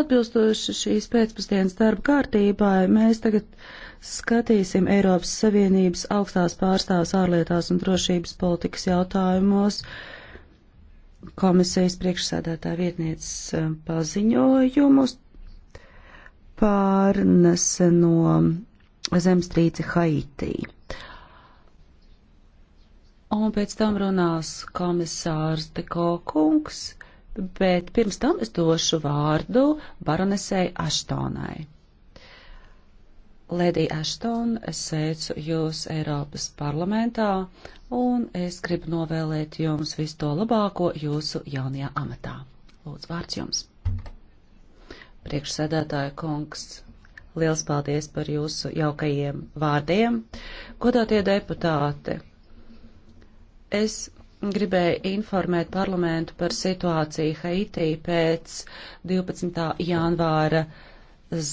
Atbilstoši šīs pēcpusdienas darba kārtībai, mēs tagad skatīsim Eiropas Savienības augstās pārstāvs ārlietās un drošības politikas jautājumos komisijas priekšsēdētāja vietnieces eh, paziņojumus par neseno zemstrīci Haitī. Un pēc tam runās komisārs Deko kungs bet pirms tam es došu vārdu baronesei Aštonai. Lēdija Ashton, es sveicu jūs Eiropas parlamentā un es gribu novēlēt jums visu to labāko jūsu jaunajā amatā. Lūdzu, vārds jums. Priekšsēdētāja kungs, liels paldies par jūsu jaukajiem vārdiem. Godātie deputāti, es gribēju informēt parlamentu par situāciju Haitī pēc 12. janvāra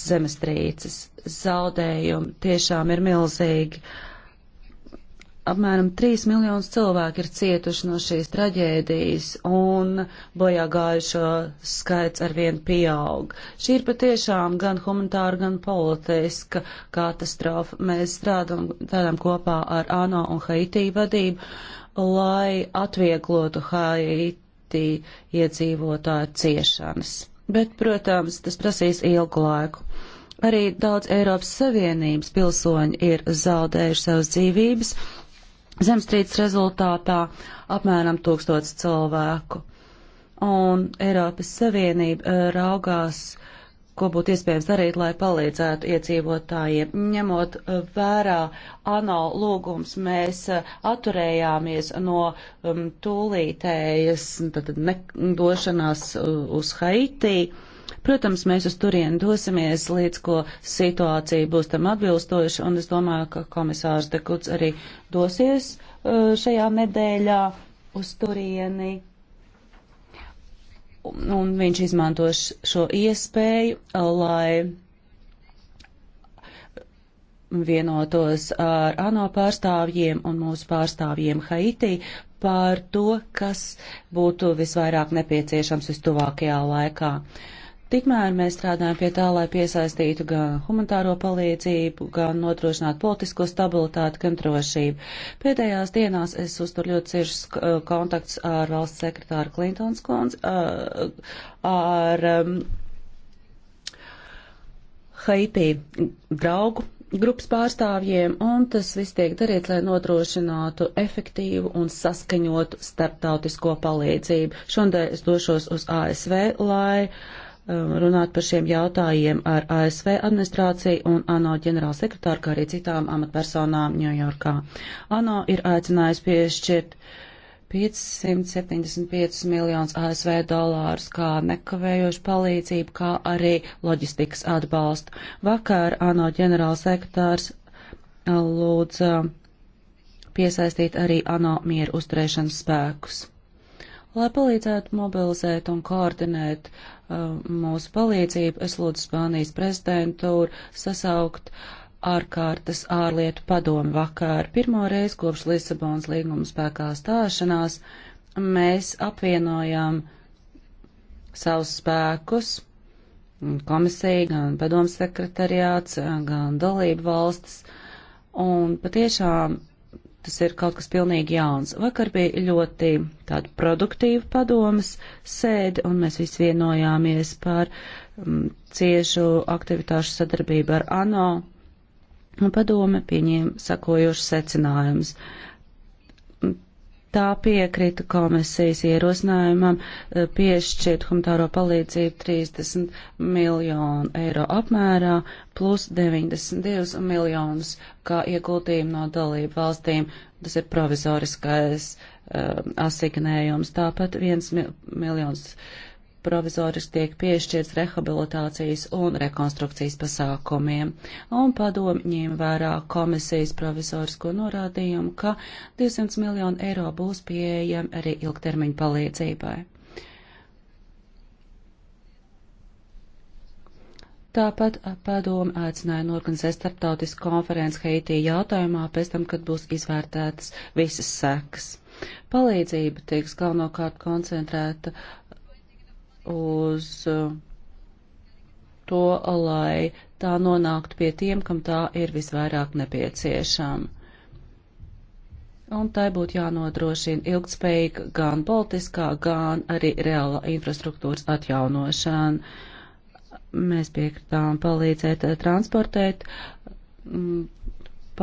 zemestrīces. Zaudējumi tiešām ir milzīgi. Apmēram 3 miljonus cilvēku ir cietuši no šīs traģēdijas, un bojā gājušo skaits arvien pieaug. Šī ir patiešām gan humanitāra, gan politiska katastrofa. Mēs strādājam kopā ar ANO un Haitī vadību lai atvieglotu Haiti iedzīvotāju ciešanas. Bet, protams, tas prasīs ilgu laiku. Arī daudz Eiropas Savienības pilsoņi ir zaudējuši savas dzīvības. Zemstrīds rezultātā apmēram tūkstots cilvēku. Un Eiropas Savienība eh, raugās uh, ko būtu iespējams darīt, lai palīdzētu iedzīvotājiem. Ņemot uh, vērā ANO lūgums, mēs uh, atturējāmies no um, tūlītējas tad, ne, došanās uh, uz Haiti. Protams, mēs uz turieni dosimies, līdz ko situācija būs tam atbilstoša, un es domāju, ka komisārs Dekuts arī dosies šajā nedēļā uz turieni un viņš izmanto šo iespēju, lai vienotos ar ANO pārstāvjiem un mūsu pārstāvjiem Haitī par to, kas būtu visvairāk nepieciešams vistuvākajā laikā. Uh, Tikmēr mēs strādājam pie tā, lai piesaistītu gan humanitāro palīdzību, gan nodrošinātu politisko stabilitāti, gan drošību. Pēdējās dienās es uzturu ļoti ciešus eh, kontaktus ar valsts sekretāru Klintons kundzi, eh, ar um, Haiti draugu grupas pārstāvjiem, un tas viss tiek darīts, lai nodrošinātu efektīvu un saskaņotu starptautisko palīdzību. Šodien es došos uz ASV, lai uh, Um, runāt par šiem jautājiem ar ASV administrāciju un ANO ģenerālsekretāru, kā arī citām amatpersonām Ņujorkā. ANO ir aicinājis piešķirt 575 miljonus ASV dolārus kā nekavējošu palīdzību, kā arī loģistikas atbalstu. Vakar ANO ģenerālsekretārs uh, lūdza piesaistīt arī ANO mieru uzturēšanas spēkus. Lai palīdzētu mobilizēt un koordinēt uh, Um, mūsu palīdzību. Es lūdzu Spānijas prezidentūru sasaukt ārkārtas ārlietu padomu vakar. Pirmo reizi kopš Lisabonas līguma spēkā stāšanās mēs apvienojām savus spēkus komisija, gan padomu sekretariāts, gan dalību valstis. Un patiešām tas ir kaut kas pilnīgi jauns. Vakar bija ļoti tāda produktīva padomas sēde, un mēs visi vienojāmies par um, ciešu aktivitāšu sadarbību ar ANO. Un padome pieņēma sakojošus secinājumus. Uh, Tā piekrita komisijas ierosinājumam eh, piešķirt humanitāro palīdzību 30 miljonu eiro apmērā plus 92 miljonus kā ieguldījumu no dalību valstīm. Tas ir provizoriskais uh, asignējums. Tāpat 1 mil miljonus. Uh, provizoriski tiek piešķirts rehabilitācijas un rekonstrukcijas pasākumiem, un padomņiem vērā komisijas provizorisko norādījumu, ka 200 miljonu eiro būs pieejami arī ilgtermiņa palīdzībai. Tāpat padomu aicināja norganizēt starptautisku konferenci Haitī jautājumā pēc tam, kad būs izvērtētas visas sekas. Palīdzība tiks galvenokārt koncentrēta uz uh, to, lai tā nonāktu pie tiem, kam tā ir visvairāk nepieciešama. Un tai būtu jānodrošina ilgspējīga gan politiskā, gan arī reāla infrastruktūras atjaunošana. Mēs piekritām palīdzēt eh, transportēt mm,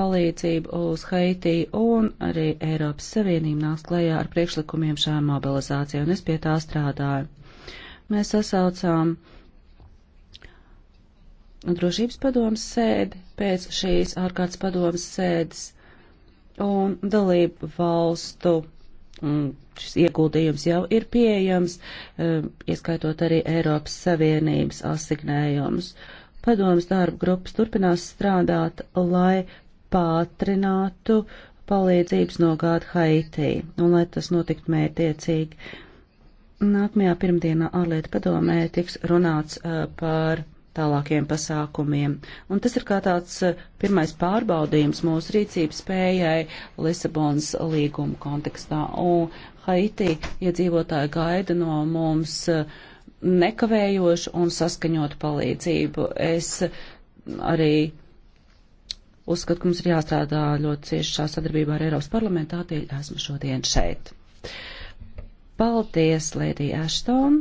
palīdzību uz Haiti un arī Eiropas Savienība nāks klajā ar priekšlikumiem šajā mobilizācijā, un es pie tā strādāju. Mēs sasaucām drošības padomas sēdi pēc šīs ārkārtas padomas sēdes un dalību valstu šis ieguldījums jau ir pieejams, eh, ieskaitot arī Eiropas Savienības asignējumus. Padomas darba grupas turpinās strādāt, lai pātrinātu palīdzības nogādi Haitī un lai tas notiktu mērtiecīgi. Nākamajā pirmdienā ārlietu padomē tiks runāts par tālākiem pasākumiem. Un tas ir kā tāds pirmais pārbaudījums mūsu rīcības spējai Lisabonas līguma kontekstā. Un Haiti iedzīvotāji gaida no mums nekavējošu un saskaņotu palīdzību. Es arī uzskatu, ka mums ir jāstrādā ļoti cieši šā sadarbībā ar Eiropas parlamentu, tādēļ esmu šodien šeit. Uh, Paldies, Lēdija Ashton.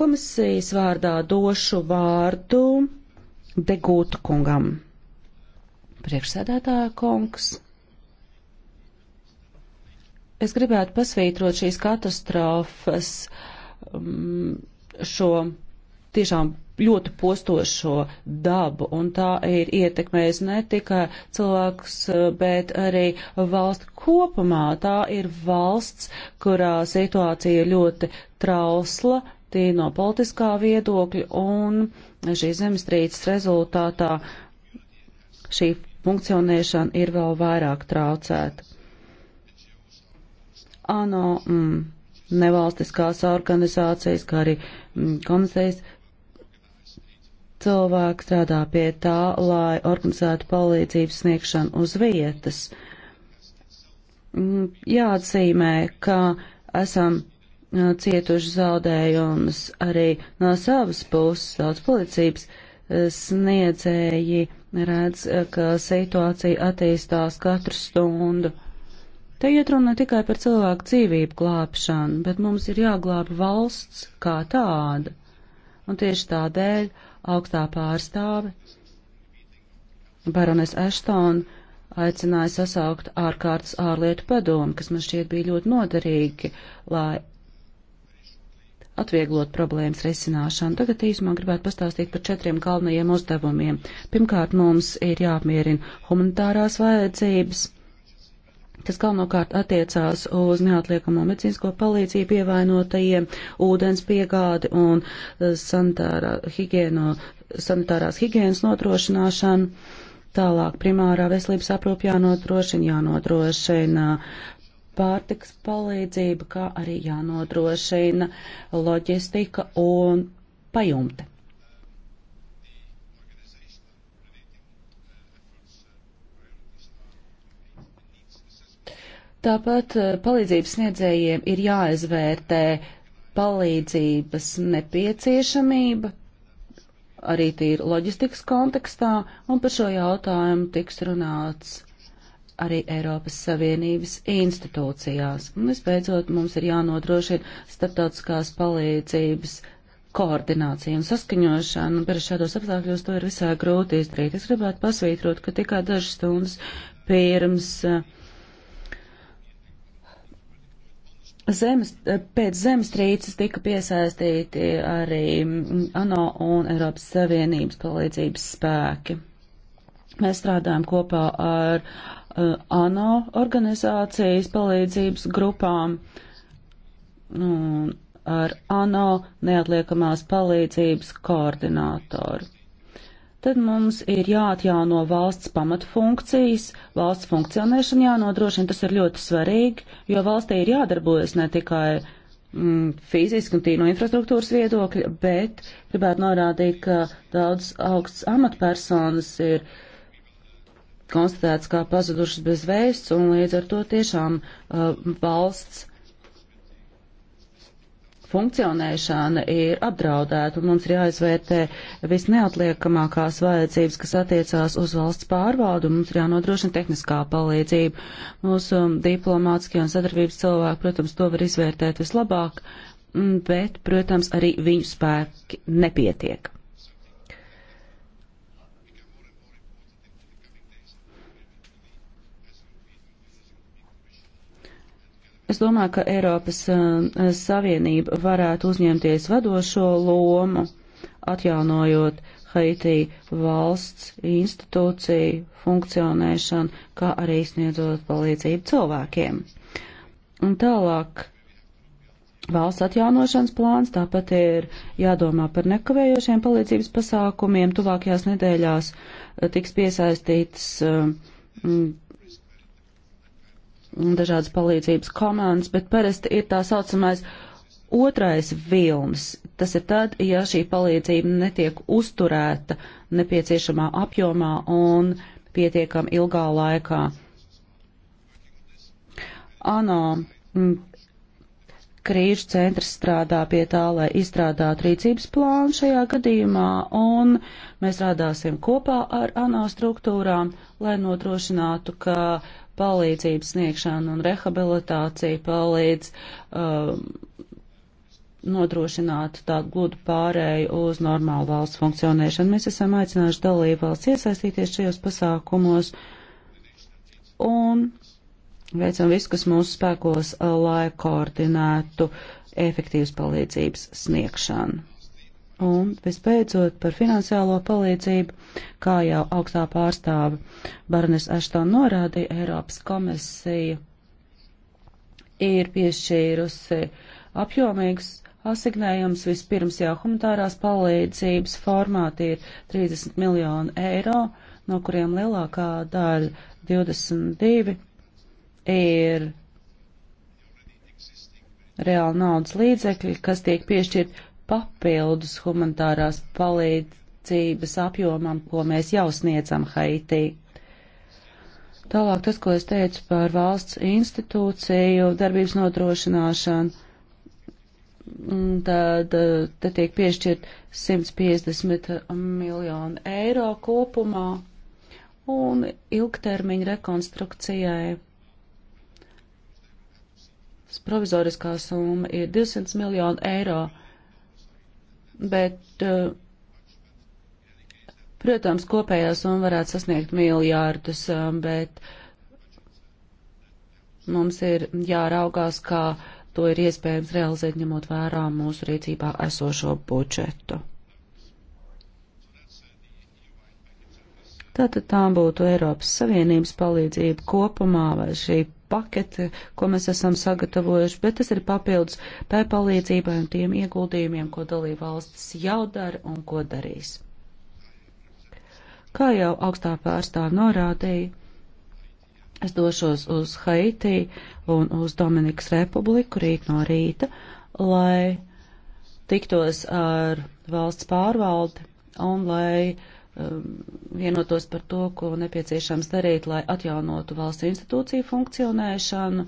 Komisijas vārdā došu vārdu Degūta kungam. Priekšsēdētāja kungs. Es gribētu pasvītrot šīs katastrofas um, šo tiešām ļoti postošo dabu, un tā ir ietekmējusi ne tikai cilvēkus, bet arī valstu kopumā. Tā ir valsts, kurā situācija ir ļoti trausla, tī no politiskā viedokļa, un šī zemestrīces rezultātā šī funkcionēšana ir vēl vairāk traucēta. ANO mm, nevalstiskās organizācijas, kā arī mm, komisijas cilvēki strādā pie tā, lai organizētu palīdzības sniegšanu uz vietas. Mm, jāatzīmē, ka esam uh, cietuši zaudējumus arī no savas puses daudz policības uh, sniedzēji redz, uh, ka situācija attīstās katru stundu. Te iet runa ne tikai par cilvēku dzīvību glābšanu, bet mums ir jāglāba valsts kā tāda un tieši tādēļ augstā pārstāve Barones Ashton aicināja sasaukt ārkārtas ārlietu padomu, kas man šķiet bija ļoti noderīgi, lai atvieglot problēmas risināšanu. Tagad īsumā gribētu pastāstīt par četriem galvenajiem uzdevumiem. Pirmkārt, mums ir jāapmierina humanitārās vajadzības Tas galvenokārt attiecās uz neatliekamo medicīnisko palīdzību ievainotajiem, ūdens piegādi un eh, sanitārā higieno, sanitārās higienas nodrošināšanu. Tālāk primārā veselības aprūp jānodrošina, jānodrošina pārtiks palīdzība, kā arī jānodrošina loģistika un pajumte. Tāpat eh, palīdzības sniedzējiem ir jāizvērtē palīdzības nepieciešamība, arī tīri loģistikas kontekstā, un par šo jautājumu tiks runāts arī Eiropas Savienības institūcijās. Un visbeidzot, mums ir jānodrošina starptautiskās palīdzības koordinācija un saskaņošana, un par šādos apstākļos to ir visai grūti izdarīt. Es gribētu pasvītrot, ka tikai dažas stundas pirms uh, zemes, eh, pēc zemestrīces tika piesaistīti arī ANO un Eiropas Savienības palīdzības spēki. Mēs strādājam kopā ar uh, ANO organizācijas palīdzības grupām un ar ANO neatliekamās palīdzības koordinātoru tad mums ir jāatjauno valsts pamatfunkcijas, valsts funkcionēšana jānodrošina, tas ir ļoti svarīgi, jo valstī ir jādarbojas ne tikai mm, fiziski un tīno infrastruktūras viedokļa, bet gribētu norādīt, ka daudz augsts amatpersonas ir konstatēts kā pazudušas bez vēsts, un līdz ar to tiešām uh, valsts funkcionēšana ir apdraudēta, un mums ir jāizvērtē visneatliekamākās vajadzības, kas attiecās uz valsts pārvaldu, un mums ir jānodrošina tehniskā palīdzība. Mūsu diplomātskie un sadarbības cilvēki, protams, to var izvērtēt vislabāk, bet, protams, arī viņu spēki nepietiek. Es domāju, ka Eiropas um, Savienība varētu uzņemties vadošo lomu, atjaunojot Haiti valsts institūciju funkcionēšanu, kā arī sniedzot palīdzību cilvēkiem. Un tālāk valsts atjaunošanas plāns, tāpat ir jādomā par nekavējošiem palīdzības pasākumiem. Tuvākajās nedēļās uh, tiks piesaistītas uh, dažādas palīdzības komandas, bet parasti ir tā saucamais otrais vilnis. Tas ir tad, ja šī palīdzība netiek uzturēta nepieciešamā apjomā un pietiekam ilgā laikā. ANO mm, krīžu centrs strādā pie tā, lai izstrādātu rīcības plānu šajā gadījumā, un mēs rādāsim kopā ar ANO struktūrām, lai nodrošinātu, ka palīdzības sniegšana un rehabilitācija palīdz uh, nodrošināt tādu gludu pārēju uz normālu valsts funkcionēšanu. Mēs esam aicinājuši dalību valsts iesaistīties šajos pasākumos un veicam visu, kas mūsu spēkos, lai koordinētu efektīvas palīdzības sniegšanu. Un visbeidzot par finansiālo palīdzību, kā jau augstā pārstāve Barnes Ashton norādīja, Eiropas komisija ir piešķīrusi apjomīgus asignējums vispirms jau humanitārās palīdzības formāti ir 30 miljonu eiro, no kuriem lielākā daļa 22 ir reāli naudas līdzekļi, kas tiek piešķirt papildus humanitārās palīdzības apjomam, ko mēs jau sniedzam Haitī. Tālāk tas, ko es teicu par valsts institūciju darbības nodrošināšanu, mm, tad eh, te tiek piešķirt 150 miljonu eiro kopumā un ilgtermiņa rekonstrukcijai. Provizoriskā summa ir 200 miljonu eiro bet, eh, protams, kopējā summa varētu sasniegt miljārdus, eh, bet mums ir jāraugās, kā to ir iespējams realizēt, ņemot vērā mūsu rīcībā esošo budžetu. Tātad tā būtu Eiropas Savienības palīdzība kopumā vai šī paketi, ko mēs esam sagatavojuši, bet tas ir papildus tai palīdzībai un tiem ieguldījumiem, ko dalība valstis jau dara un ko darīs. Kā jau augstā pārstāv norādīja, es došos uz Haiti un uz Dominikas Republiku rīt no rīta, lai tiktos ar valsts pārvaldi un lai uh, Um, vienotos par to, ko nepieciešams darīt, lai atjaunotu valsts institūciju funkcionēšanu.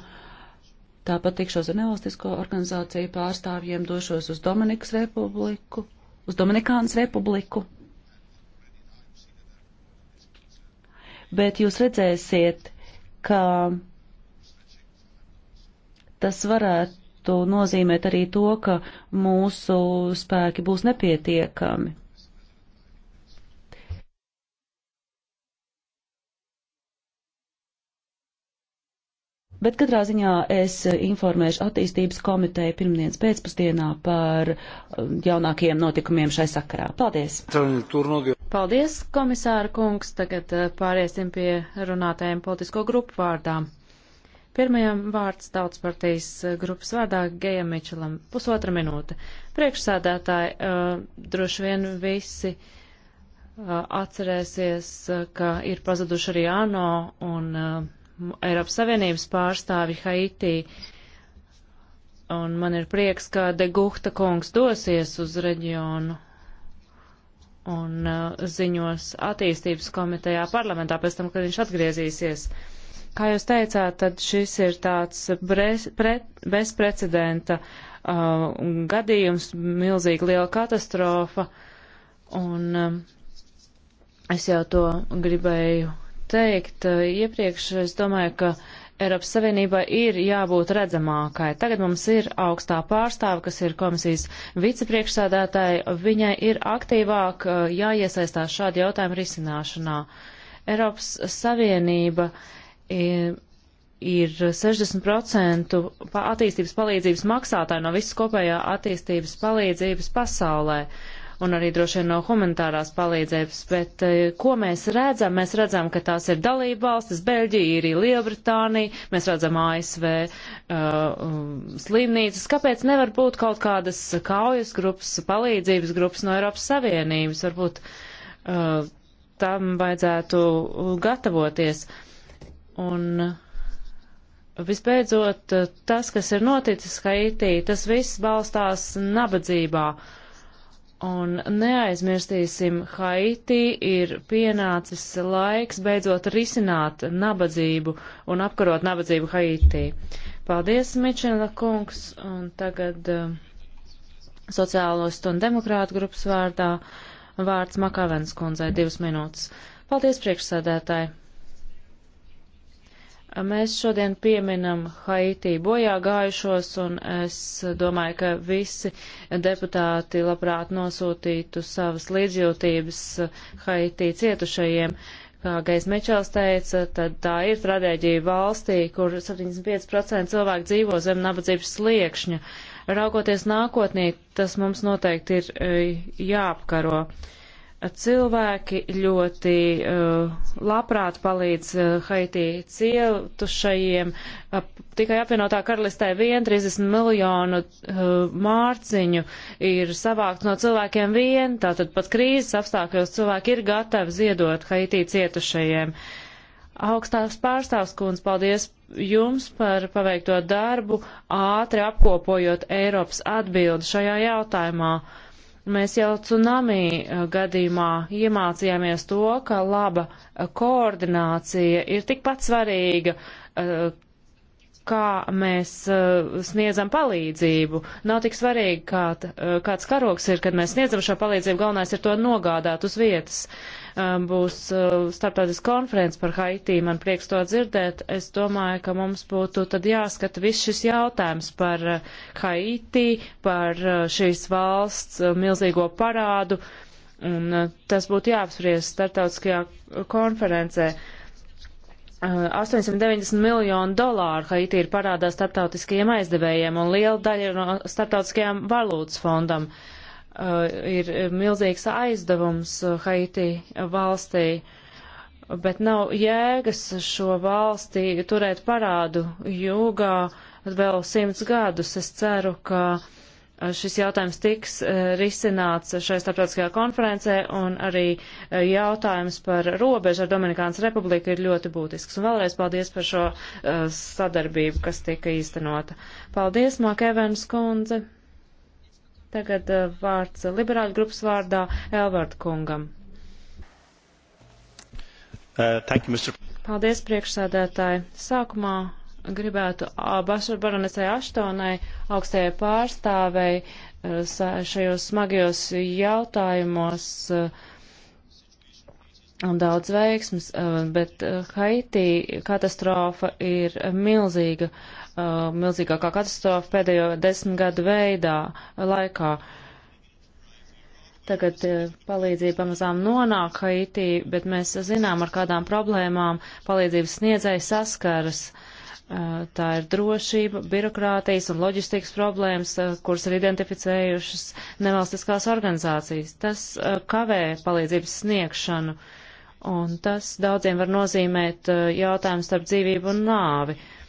Tāpat tikšos ar nevalstisko organizāciju pārstāvjiem, došos uz Dominikas republiku, uz Dominikānas republiku. Bet jūs redzēsiet, ka tas varētu nozīmēt arī to, ka mūsu spēki būs nepietiekami. Bet katrā ziņā es informēšu attīstības komiteju pirmdienas pēcpusdienā par um, jaunākajiem notikumiem šai sakarā. Paldies! Paldies, komisāra kungs! Tagad uh, pāriesim pie runātājiem politisko grupu vārdām. Pirmajam vārds tautas partijas uh, grupas vārdā Gejam Mičelam. Pusotra minūte. Priekšsādātāji uh, droši vien visi uh, atcerēsies, uh, ka ir pazuduši arī ANO un uh, Eiropas Savienības pārstāvi Haitī. Un man ir prieks, ka De Guhta kungs dosies uz reģionu un uh, ziņos attīstības komitejā parlamentā pēc tam, kad viņš atgriezīsies. Kā jūs teicāt, tad šis ir tāds brez, pre, bezprecedenta uh, gadījums, milzīgi liela katastrofa, un uh, es jau to gribēju teikt eh, iepriekš, es domāju, ka Eiropas Savienība ir jābūt redzamākai. Tagad mums ir augstā pārstāve, kas ir komisijas vicepriekšsādātāja. Viņai ir aktīvāk eh, jāiesaistās šādu jautājumu risināšanā. Eiropas Savienība eh, ir, ir 60% attīstības palīdzības maksātāja no visas kopējā attīstības palīdzības pasaulē. Uh, un arī droši vien no humanitārās palīdzības, bet eh, ko mēs redzam? Mēs redzam, ka tās ir dalība valstis, Beļģija, Īrija, Lielbritānija, mēs redzam ASV uh, eh, mm, slimnīcas. Kāpēc nevar būt kaut kādas kaujas grupas, palīdzības grupas no Eiropas Savienības? Varbūt uh, tam vajadzētu gatavoties. Un, uh, Visbeidzot, tas, kas ir noticis Haitī, tas viss balstās nabadzībā. Uh, Un neaizmirstīsim, Haiti ir pienācis laiks beidzot risināt nabadzību un apkarot nabadzību Haitī. Paldies, Mičela kungs, un tagad uh, sociālistu un demokrātu grupas vārdā vārds Makavens kundzei divas minūtes. Paldies, priekšsēdētāji! Mēs šodien pieminam Haitī bojā gājušos, un es domāju, ka visi deputāti labprāt nosūtītu savas līdzjūtības Haitī cietušajiem. Kā Gais Mečels teica, tad tā ir traģēdija valstī, kur 75% cilvēku dzīvo zem nabadzības sliekšņa. Raugoties nākotnī, tas mums noteikti ir e, jāapkaro. Uh, cilvēki ļoti uh, labprāt palīdz uh, Haitī cietušajiem. Uh, tikai apvienotā karalistē vien 30 miljonu uh, mārciņu ir savākt no cilvēkiem vien, tātad pat krīzes apstākļos cilvēki ir gatavi ziedot Haitī cietušajiem. Augstās pārstāvs kundz, paldies jums par paveikto darbu, ātri apkopojot Eiropas atbildi šajā jautājumā. Uh, Mēs jau tsunami uh, gadījumā iemācījāmies to, ka laba uh, koordinācija ir tikpat svarīga, uh, kā mēs sniedzam palīdzību. Nav tik svarīgi, kā, kāds karoks ir, kad mēs sniedzam šo palīdzību, galvenais ir to nogādāt uz vietas. Uh, Um, būs uh, starptautiska konferences par Haitī, man prieks to dzirdēt. Es domāju, ka mums būtu tad jāskata viss šis jautājums par uh, Haitī, par uh, šīs valsts milzīgo parādu, un tas būtu jāapspriež starptautiskajā konferencē. 890 miljonu dolāru Haiti ir parādā starptautiskajiem aizdevējiem un liela daļa no starptautiskajām valūtas fondam. Uh, Uh, ir milzīgs aizdevums uh, Haiti valstī, bet nav jēgas šo valstī turēt parādu jūgā vēl simts gadus. Es ceru, ka uh, šis jautājums tiks risināts šai starptautiskajā konferencē, un arī jautājums par robežu ar Dominikānas republiku ir ļoti būtisks. Un vēlreiz paldies par šo sadarbību, kas tika īstenota. Paldies, Māk Evans kundze. Tagad eh, vārds liberāļu grupas vārdā Elvard kungam. Uh, thank you, Mr. Paldies, priekšsādētāji. Sākumā gribētu Bašar Baronesai Aštonai, augstajai pārstāvei, eh, šajos smagajos jautājumos eh, un daudz veiksmes, bet Haiti katastrofa ir milzīga uh, milzīgākā katastrofa pēdējo desmit gadu veidā uh, laikā. Tagad uh, palīdzība pamazām nonāk Haitī, bet mēs zinām, ar kādām problēmām palīdzības sniedzēji saskaras. Uh, tā ir drošība, birokrātijas un loģistikas problēmas, uh, kuras ir identificējušas nevalstiskās organizācijas. Tas uh, kavē palīdzības sniegšanu. Un tas daudziem var nozīmēt uh, jautājumu starp dzīvību un nāvi. Uh,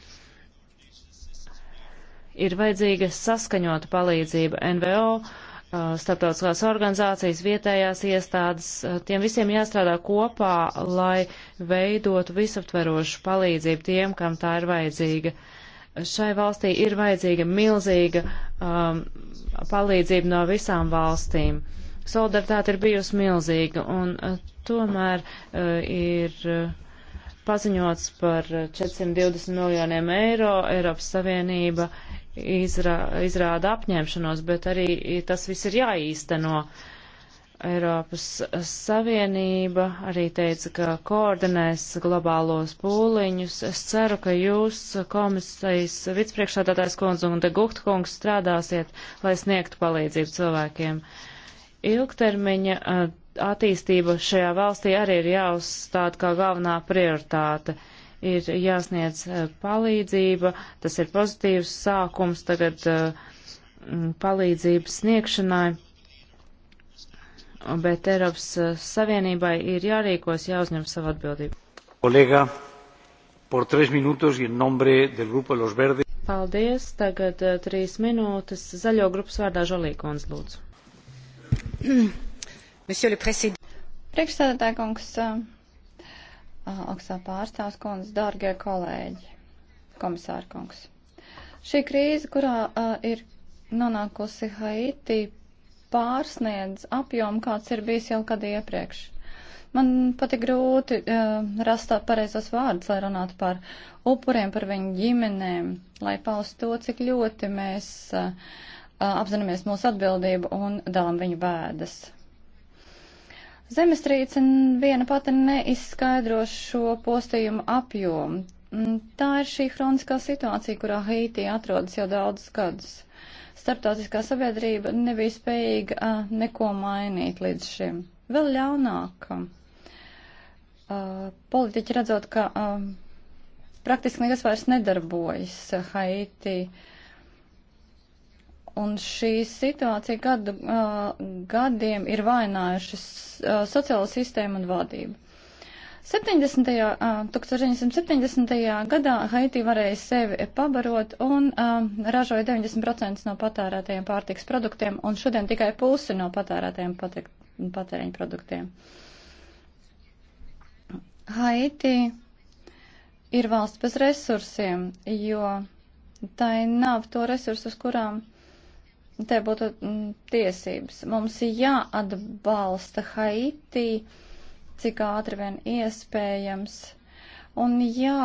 Ir vajadzīga saskaņota palīdzība NVO, uh, starptautiskās organizācijas, vietējās iestādes, uh, tiem visiem jāstrādā kopā, lai veidotu visaptverošu palīdzību tiem, kam tā ir vajadzīga. Šai valstī ir vajadzīga milzīga um, palīdzība no visām valstīm. Solidaritāte ir bijusi milzīga, un uh, tomēr uh, ir. Uh, paziņots par 420 uh, miljoniem eiro. Eiropas Savienība izra, izrāda apņemšanos, bet arī tas viss ir jāīsteno. Eiropas Savienība arī teica, ka koordinēs globālos pūliņus. Es ceru, ka jūs, komisijas vicepriekšādātājs kundze un te Guhtkungs, strādāsiet, lai sniegtu palīdzību cilvēkiem. Ilgtermiņa eh, attīstība šajā valstī arī ir jāuzstāda kā galvenā prioritāte. Uh, ir jāsniedz eh, palīdzība, tas ir pozitīvs sākums tagad eh, palīdzības sniegšanai, bet Eiropas eh, Savienībai ir jārīkos, jāuzņem savu atbildību. Kolega, por tres minutos y en nombre del grupo Los Verdes. Paldies. Tagad uh, trīs minūtes zaļo grupas vārdā Žolīkons lūdzu. Priekšstādātāja kungs, uh, Ah, augstā pārstāvs kundze, dārgie kolēģi, komisāra kungs. Šī krīze, kurā uh, ir nonākusi Haiti, pārsniedz apjomu, kāds ir bijis jau kad iepriekš. Man pati grūti uh, rast pareizos vārdus, lai runātu par upuriem, par viņu ģimenēm, lai paust to, cik ļoti mēs uh, apzināmies mūsu atbildību un dalam viņu bēdas. Zemestrīce viena pati neizskaidro šo postījumu apjomu. Mm, tā ir šī hroniskā situācija, kurā Haiti atrodas jau daudzus gadus. Startautiskā sabiedrība nebija spējīga neko mainīt līdz šim. Vēl ļaunāk, politiķi redzot, ka praktiski nekas vairs nedarbojas Haiti. Uh, un šī situācija gadu, gadiem ir vainājušas sociāla sistēma un vadība. 70. 1970. gadā Haiti varēja sevi pabarot un um, ražoja 90% no patērētajiem pārtiks produktiem, un šodien tikai pusi no patērētajiem patēriņu produktiem. Haiti ir valsts bez resursiem, jo tai nav to resursu, uz kurām Nu, te būtu mm, tiesības. Mums jāatbalsta Haiti, cik ātri vien iespējams, un jā,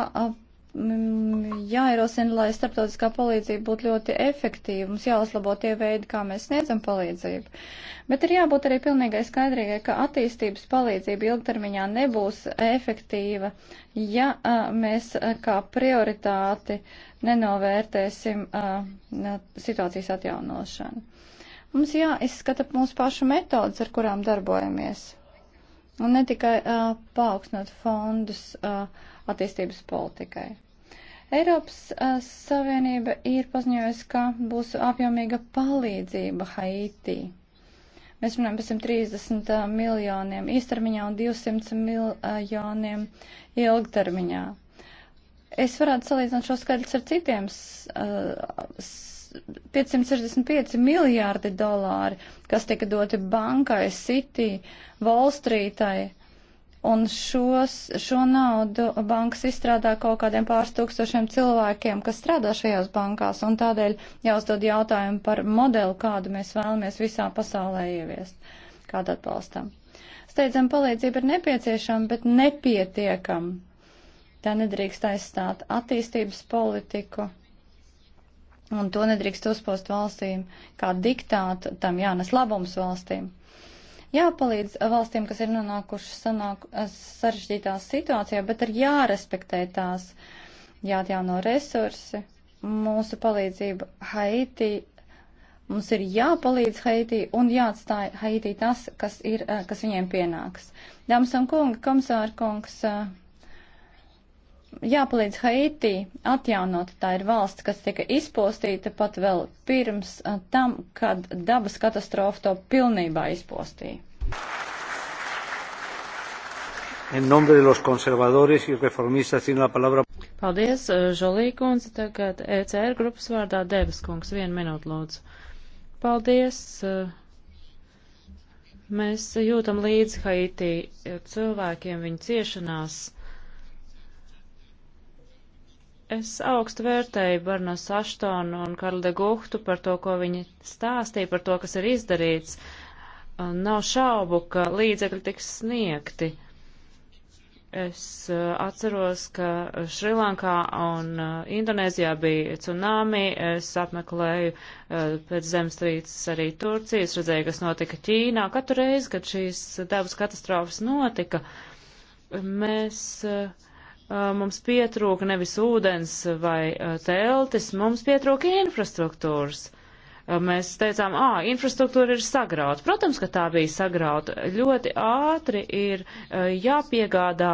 mm, jāierosina, lai starptautiskā palīdzība būtu ļoti efektīva. Mums jāuzlabo tie veidi, kā mēs sniedzam palīdzību. Bet ir jābūt arī pilnīgai skaidrīgai, ka attīstības palīdzība ilgtermiņā nebūs efektīva, ja mēs kā prioritāti uh, nenovērtēsim uh, situācijas atjaunošanu. Mums jāizskata mūsu pašu metodas, ar kurām darbojamies. Un ne tikai uh, paaugstinot fondus uh, attīstības politikai. Eiropas uh, Savienība ir paziņojusi, ka būs apjomīga palīdzība Haitī. Mēs runājam par 130 miljoniem īstermiņā un 200 miljoniem ilgtermiņā. Uh, Es varētu salīdzināt šo skaidrs ar citiem. Uh, 565 miljārdi dolāri, kas tika doti bankai, City, Wall Streetai. Un šos, šo naudu bankas izstrādā kaut kādiem pāris tūkstošiem cilvēkiem, kas strādā šajās bankās, un tādēļ jāuzdod jautājumu par modeli, kādu mēs vēlamies visā pasaulē ieviest, kādu atbalstam. Steidzam palīdzību ir nepieciešama, bet nepietiekama Tā nedrīkst aizstāt attīstības politiku. Un to nedrīkst uzpost valstīm kā diktātu, tam jānes labums valstīm. Jāpalīdz valstīm, kas ir nonākušas sanāk, sarežģītā situācijā, bet ir jārespektē tās, jāatjauno resursi, mūsu palīdzība Haiti mums ir jāpalīdz Haitī un jāatstāj Haitī tas, kas, ir, eh, kas viņiem pienāks. Dāmas un kungi, komisāra kungs, eh, jāpalīdz Haiti atjaunot. Tā ir valsts, kas tika izpostīta pat vēl pirms tam, kad dabas katastrofa to pilnībā izpostīja. En nombre de los conservadores y reformistas tiene la palabra. Paldies, Žolī kundze. Tagad ECR grupas vārdā Devas kungs. Vienu minūtu lūdzu. Paldies. Mēs jūtam līdzi Haiti cilvēkiem, viņu ciešanās Es augstu vērtēju Barnas Aštonu un Karlu de Guhtu par to, ko viņi stāstīja, par to, kas ir izdarīts. Nav šaubu, ka līdzekļi tiks sniegti. Es uh, atceros, ka Šrilankā un uh, Indonēzijā bija tsunami, es apmeklēju uh, pēc zemstrīces arī Turciju, es redzēju, kas notika Ķīnā. Katru reizi, kad šīs dabas katastrofas notika, mēs uh, Uh, mums pietrūka nevis ūdens vai uh, teltis, mums pietrūka infrastruktūras. Uh, mēs teicām, ā, infrastruktūra ir sagrauta. Protams, ka tā bija sagrauta. Ļoti ātri ir jāpiegādā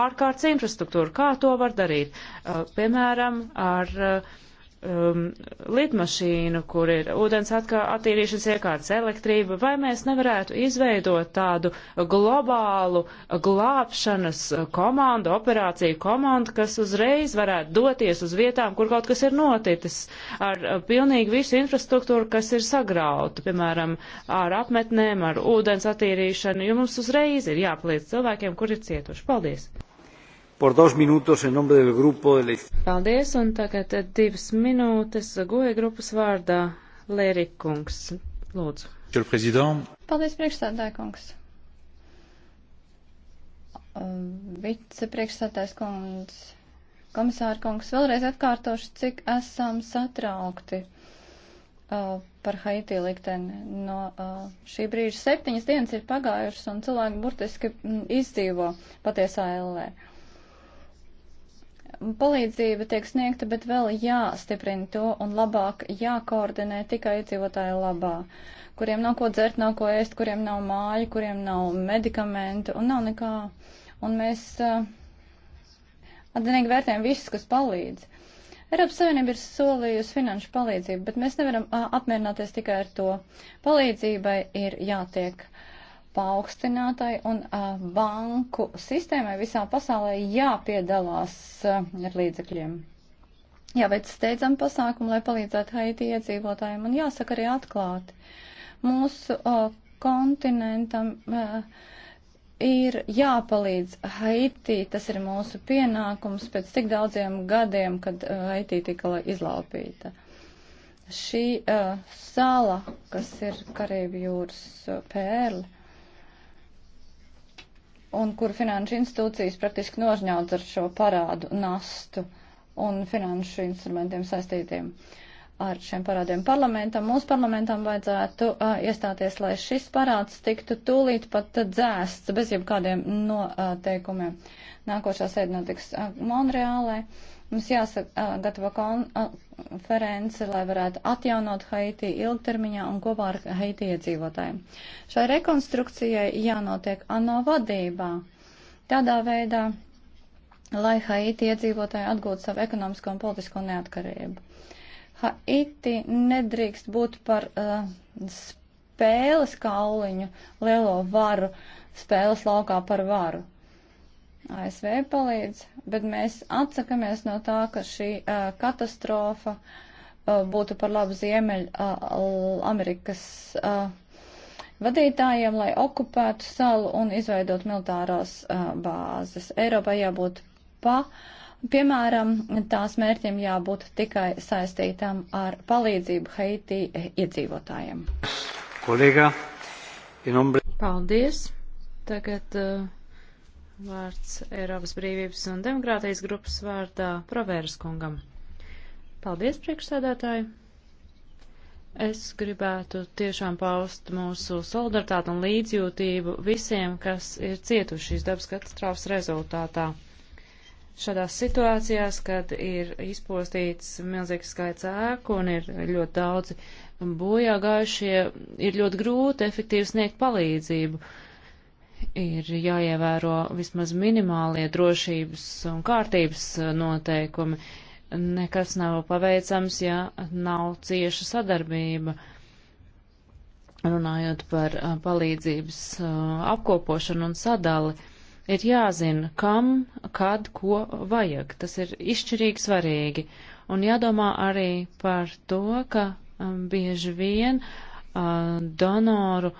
ārkārtas infrastruktūra. Kā to var darīt? Piemēram, ar um, lidmašīnu, kur ir ūdens attīrīšanas iekārtas elektrība, vai mēs nevarētu izveidot tādu globālu glābšanas komandu, operāciju komandu, kas uzreiz varētu doties uz vietām, kur kaut kas ir noticis, ar uh, pilnīgi visu infrastruktūru, kas ir sagrauta, piemēram, ar apmetnēm, ar ūdens attīrīšanu, jo mums uzreiz ir jāpalīdz cilvēkiem, kur ir cietuši. Paldies! por dos minutos en nombre del grupo de la... Paldies, un tagad divas minūtes goja grupas vārdā Lērikungs. Lūdzu. Paldies, priekšstādāja kungs. Uh, vicepriekšstādājas kungs, komisāra kungs, vēlreiz atkārtošu, cik esam satraukti uh, par Haiti likteni. No uh, šī brīža septiņas dienas ir pagājušas un cilvēki burtiski mm, izdzīvo patiesā ellē. Uh, palīdzība tiek sniegta, bet vēl jāstiprina to un labāk jākoordinē tikai iedzīvotāju labā, kuriem nav ko dzert, nav ko ēst, kuriem nav māju, kuriem nav medikamentu un nav nekā. Un mēs uh, atzinīgi vērtējam visus, kas palīdz. Eiropas Savienība ir solījusi finanšu palīdzību, bet mēs nevaram uh, apmierināties tikai ar to. Palīdzībai ir jātiek uh, paaugstinātai un uh, banku sistēmai visā pasaulē jāpiedalās uh, ar līdzekļiem. Jāveic steidzam pasākumu, lai palīdzētu Haiti iedzīvotājiem un jāsaka arī atklāti. Mūsu uh, kontinentam uh, ir jāpalīdz Haiti, tas ir mūsu pienākums pēc tik daudziem gadiem, kad uh, Haiti tika izlaupīta. Šī uh, sala, kas ir Karību jūras uh, pērli, un kur finanšu institūcijas praktiski nožņauts ar šo parādu nastu un finanšu instrumentiem saistītiem ar šiem parādiem parlamentam. Mūsu parlamentam vajadzētu uh, iestāties, lai šis parāds tiktu tūlīt pat dzēsts bez jebkādiem noteikumiem. Nākošā sēde notiks uh, Monreālē. Uh, Mums jāsagatavo konference, lai varētu atjaunot Haiti ilgtermiņā un kopā ar Haiti iedzīvotājiem. Šai rekonstrukcijai jānotiek ANO vadībā. Tādā veidā lai Haiti iedzīvotāji atgūtu savu ekonomisko un politisko neatkarību. Haiti nedrīkst būt par uh, spēles kauliņu, lielo varu, spēles laukā par varu. ASV palīdz, bet mēs atsakamies no tā, ka šī uh, katastrofa uh, būtu par labu Ziemeļ uh, Amerikas uh, vadītājiem, lai okupētu salu un izveidot militārās uh, bāzes. Eiropai jābūt pa. Piemēram, tās mērķiem jābūt tikai saistītām ar palīdzību Haiti iedzīvotājiem. Kolēga, nombre... Paldies. Tagad uh, Vārds Eiropas brīvības un demokrātijas grupas vārdā Provērs kungam. Paldies, priekšsēdētāji! Es gribētu tiešām paust mūsu solidaritātu un līdzjūtību visiem, kas ir cietuši šīs dabas katastrofas rezultātā. Šādās situācijās, kad ir izpostīts milzīgs skaits ēku un ir ļoti daudzi bojā gājušie, ir ļoti grūti efektīvi sniegt palīdzību. Uh, ir jāievēro vismaz minimālie drošības un kārtības eh, noteikumi. Nekas nav paveicams, ja nav cieša sadarbība. Runājot par eh, palīdzības eh, apkopošanu un sadali, ir jāzina, kam, kad, ko vajag. Tas ir izšķirīgi svarīgi. Un jādomā arī par to, ka bieži vien donoru uh,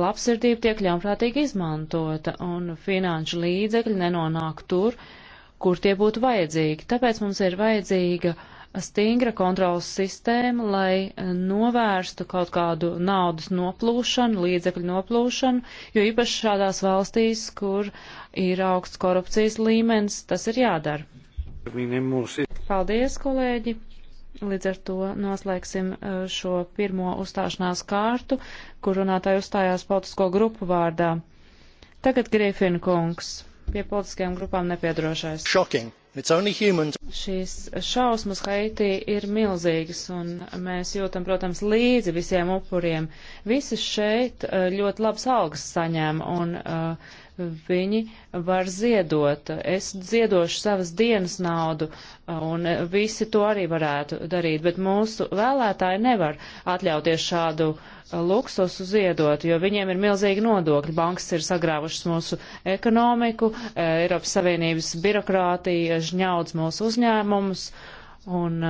labsirdība tiek ļaunprātīgi izmantota un finanšu līdzekļi nenonāk tur, kur tie būtu vajadzīgi. Tāpēc mums ir vajadzīga stingra kontrolas sistēma, lai novērstu kaut kādu naudas noplūšanu, līdzekļu noplūšanu, jo īpaši šādās valstīs, kur ir augsts korupcijas līmenis, tas ir jādara. Paldies, kolēģi! Līdz ar to noslēgsim uh, šo pirmo uzstāšanās kārtu, kur runātāji uzstājās politisko grupu vārdā. Tagad Grifin kungs, pie politiskajām grupām nepiedarošais. Shocking. Šīs šausmas Haitī ir milzīgas, un mēs jūtam, protams, līdzi visiem upuriem. Visi šeit uh, ļoti labs algas saņem, un uh, viņi var ziedot. Es ziedošu savas dienas naudu, un visi to arī varētu darīt, bet mūsu vēlētāji nevar atļauties šādu luksusu ziedot, jo viņiem ir milzīgi nodokļi. Bankas ir sagrāvušas mūsu ekonomiku, Eiropas Savienības birokrātija žņaudz mūsu uzņēmumus, un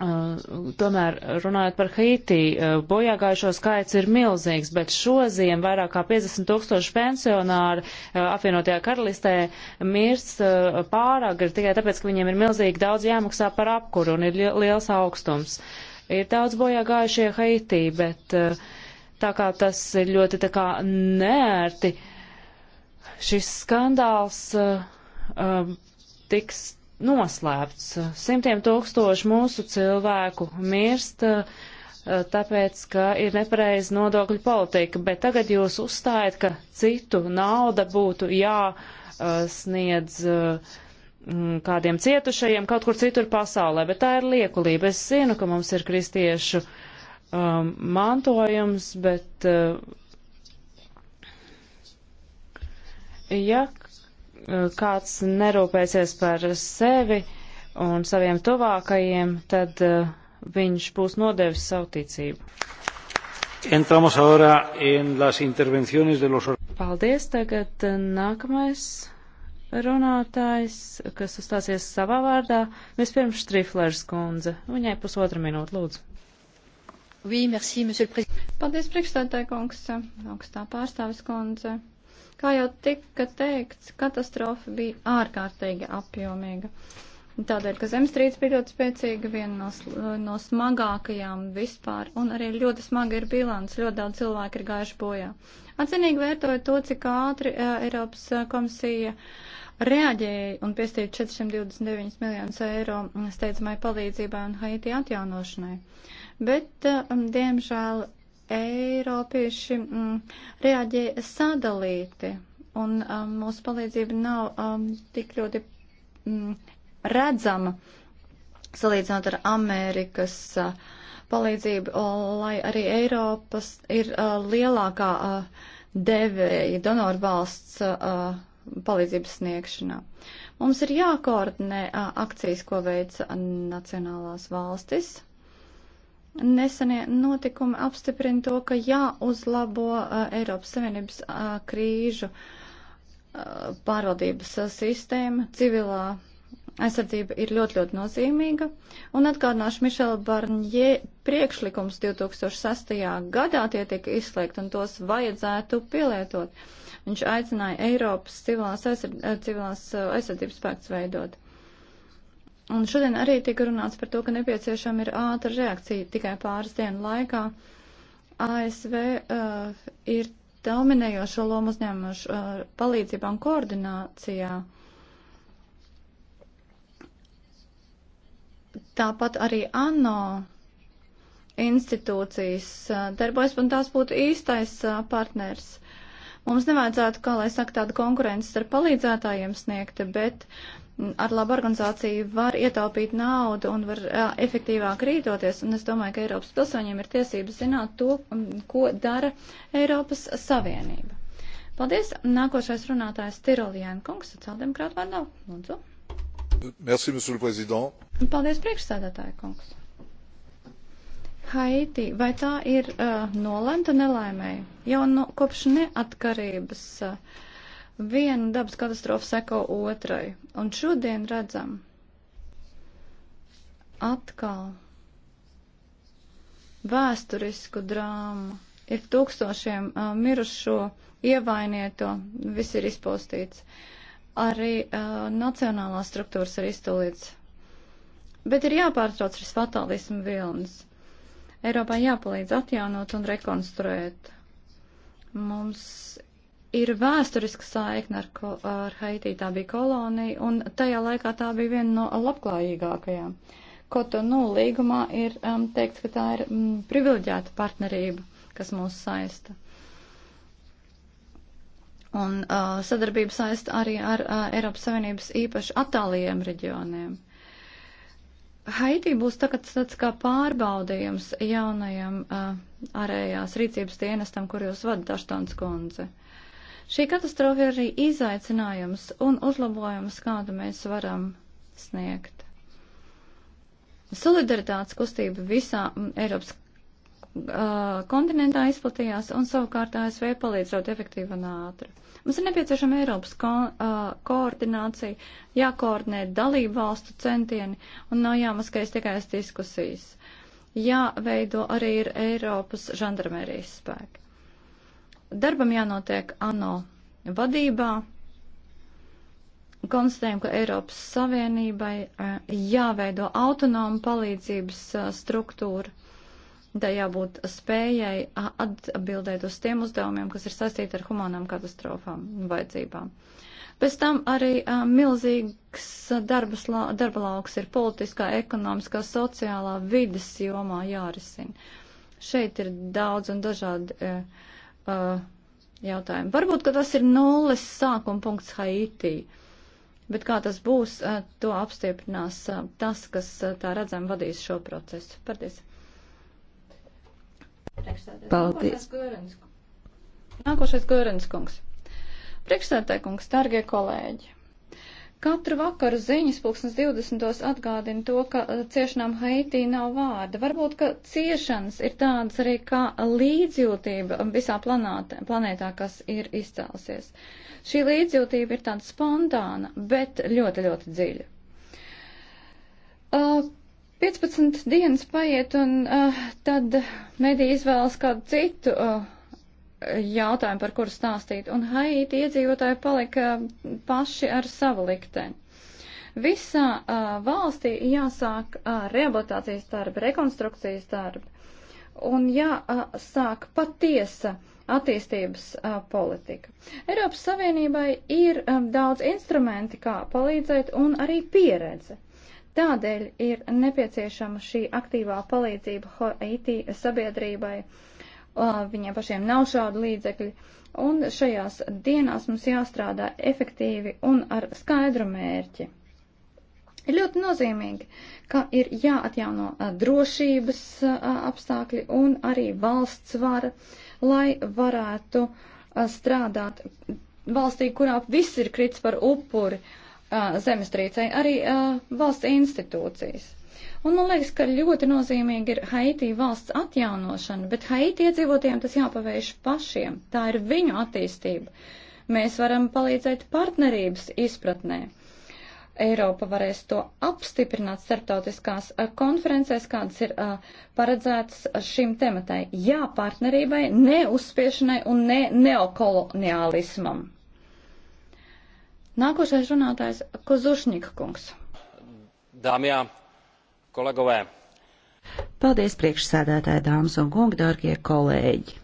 Eh, tomēr runājot par Haiti, eh, bojāgājušo skaits ir milzīgs, bet šoziem vairāk kā 50 tūkstoši pensionāri eh, apvienotajā karalistē mirs pāragri tikai tāpēc, ka viņiem ir milzīgi daudz jāmaksā par apkuru un ir liels augstums. Ir daudz bojāgājušie Haiti, bet tā kā tas ir ļoti tā kā nērti, šis skandāls tiks noslēpts. Simtiem tūkstoši mūsu cilvēku mirst, eh, tāpēc, ka ir nepareiza nodokļu politika, bet tagad jūs uzstājat, ka citu nauda būtu jāsniedz eh, kādiem cietušajiem kaut kur citur pasaulē, bet tā ir liekulība. Es zinu, ka mums ir kristiešu um, mantojums, bet uh, ja kāds nerūpēsies par sevi un saviem tuvākajiem, tad uh, viņš būs nodevis savu ticību. Entramos ahora en las intervenciones de los. Paldies, tagad uh, nākamais runātājs, kas uzstāsies savā vārdā. Vispirms Štriflers kundze. Viņai pusotra minūte, lūdzu. Oui, merci, monsieur le président. Paldies, priekšstādāja kungs, augstā pārstāvis kundze. Kā jau tika teikts, katastrofa bija ārkārtīgi apjomīga. Tādēļ, ka zemstrīce bija ļoti spēcīga, viena no, no smagākajām vispār, un arī ļoti smaga ir bilants, ļoti daudz cilvēku ir gājuši bojā. Atzinīgi vērtoja to, cik ātri uh, Eiropas komisija reaģēja un piestīja 429 miljonus eiro steidzamai palīdzībai un Haiti atjaunošanai. Bet, um, diemžēl, Eiropieši mm, reaģē sadalīti, un um, mūsu palīdzība nav um, tik ļoti mm, redzama salīdzinot ar Amerikas uh, palīdzību, lai arī Eiropas ir uh, lielākā uh, devēja donoru valsts uh, palīdzības sniegšanā. Mums ir jākoordinē uh, akcijas, ko veica nacionālās valstis Nesenie notikumi apstiprina to, ka jāuzlabo Eiropas Savienības krīžu pārvaldības sistēma, civilā aizsardzība ir ļoti, ļoti nozīmīga. Un atgādināšu Mišela Barņē priekšlikums 2006. gadā tie tika izslēgt un tos vajadzētu pielietot. Viņš aicināja Eiropas civilās, aizsard, civilās aizsardzības spēks veidot. Un šodien arī tika runāts par to, ka nepieciešama ir ātra reakcija tikai pāris dienu laikā. ASV uh, ir dominējošo lomu uzņēmuši uh, palīdzībā un koordinācijā. Tāpat arī ANO institūcijas uh, darbojas, un tās būtu īstais uh, partners. Mums nevajadzētu, kā lai saka, tādu konkurences ar palīdzētājiem sniegta, bet uh, ar labu organizāciju var ietaupīt naudu un var uh, efektīvāk rītoties. Un es domāju, ka Eiropas pilsoņiem ir tiesības zināt to, ko dara Eiropas Savienība. Paldies. Nākošais runātājs Tirolijan Kungs, sociāldemokrāta vārdā. Lūdzu. Merci, monsieur le président. Paldies, priekšsēdētāja Kungs. Haiti, vai tā ir uh, nolemta nelaimēja? Jau no, nu, kopš neatkarības. Uh, Viena dabas katastrofa seko otrai. Un šodien redzam atkal vēsturisku drāmu. Ir tūkstošiem uh, mirušo, ievainieto, viss ir izpostīts. Arī uh, nacionālās struktūras ir iztulīts. Bet ir jāpārtrauc šis fatālismu vilnis. Eiropā jāpalīdz atjaunot un rekonstruēt. Mums ir vēsturiska saikne ar, ar Haiti. Tā bija kolonija, un tajā laikā tā bija viena no labklājīgākajām. Kotonu no līgumā ir um, teikts, ka tā ir mm, privileģēta partnerība, kas mūs saista. Un uh, sadarbība saista arī ar uh, Eiropas Savienības īpaši attālajiem reģioniem. Haiti būs tagad tāds kā pārbaudījums jaunajam uh, ārējās rīcības dienestam, kur jūs vadat Aštons kundze. Uh, Šī katastrofa ir arī izaicinājums un uzlabojums, kādu mēs varam sniegt. Solidaritātes kustība visā Eiropas uh, kontinentā izplatījās un savukārt ASV palīdzot efektīvi un ātri. Mums ir nepieciešama Eiropas ko, uh, koordinācija, jākoordinē dalību valstu centieni un nav jāmaskais tikai diskusijas. Jāveido arī ir Eiropas žandarmērijas spēki. Darbam jānotiek ANO vadībā. Konstatējam, ka Eiropas Savienībai eh, jāveido autonoma palīdzības eh, struktūra. Tā jābūt spējai eh, atbildēt uz tiem uzdevumiem, kas ir saistīti ar humanām katastrofām un vajadzībām. Pēc tam arī uh, milzīgs darbas, la, darba lauks ir politiskā, ekonomiskā, sociālā vidas jomā jārisina. Šeit ir daudz un dažādi uh, uh, jautājumu. Varbūt, ka tas ir nulles sākuma punkts Haitī, bet kā tas būs, uh, to apstiprinās uh, eh, tas, kas uh, tā redzam vadīs šo procesu. Paldies! Paldies! Nākošais Gorens kungs. Priekšsēdētāj kungs, dargie kolēģi! Katru vakaru ziņas pulksnes 20. atgādina to, ka eh, ciešanām Haitī nav vārda. Varbūt, ka ciešanas ir tādas arī kā līdzjūtība visā planātē, planētā, kas ir izcēlusies. Šī līdzjūtība ir tāda spontāna, bet ļoti, ļoti dziļa. Uh, eh, 15 dienas paiet, un uh, tad mediji izvēlas kādu citu. Uh, jautājumu, par kuru stāstīt, un Haiti iedzīvotāji palika uh, paši ar savu likteni. Visā uh, valstī jāsāk uh, rehabilitācijas darbi, rekonstrukcijas darbi un jāsāk uh, patiesa attīstības uh, politika. Eiropas Savienībai ir um, daudz instrumenti, kā palīdzēt, un arī pieredze. Tādēļ ir nepieciešama šī aktīvā palīdzība Haiti sabiedrībai uh, viņiem pašiem nav šādi līdzekļi. Un šajās dienās mums jāstrādā efektīvi un ar skaidru mērķi. Ir ļoti nozīmīgi, ka ir jāatjauno drošības apstākļi un arī valsts vara, lai varētu strādāt valstī, kurā viss ir krits par upuri zemestrīcei, arī valsts institūcijas. Un man liekas, ka ļoti nozīmīgi ir Haiti valsts atjaunošana, bet Haiti iedzīvotiem tas jāpavērš pašiem. Tā ir viņu attīstība. Mēs varam palīdzēt partnerības izpratnē. Eiropa varēs to apstiprināt starptautiskās konferencēs, kādas ir paredzētas šim tematai. Jā, partnerībai, ne uzspiešanai un ne neokoloniālismam. Nākošais runātājs Kozušņika kungs. Dāmjā, Kolegovē. Paldies priekšsēdētāji dāmas un kungi, dārgie kolēģi.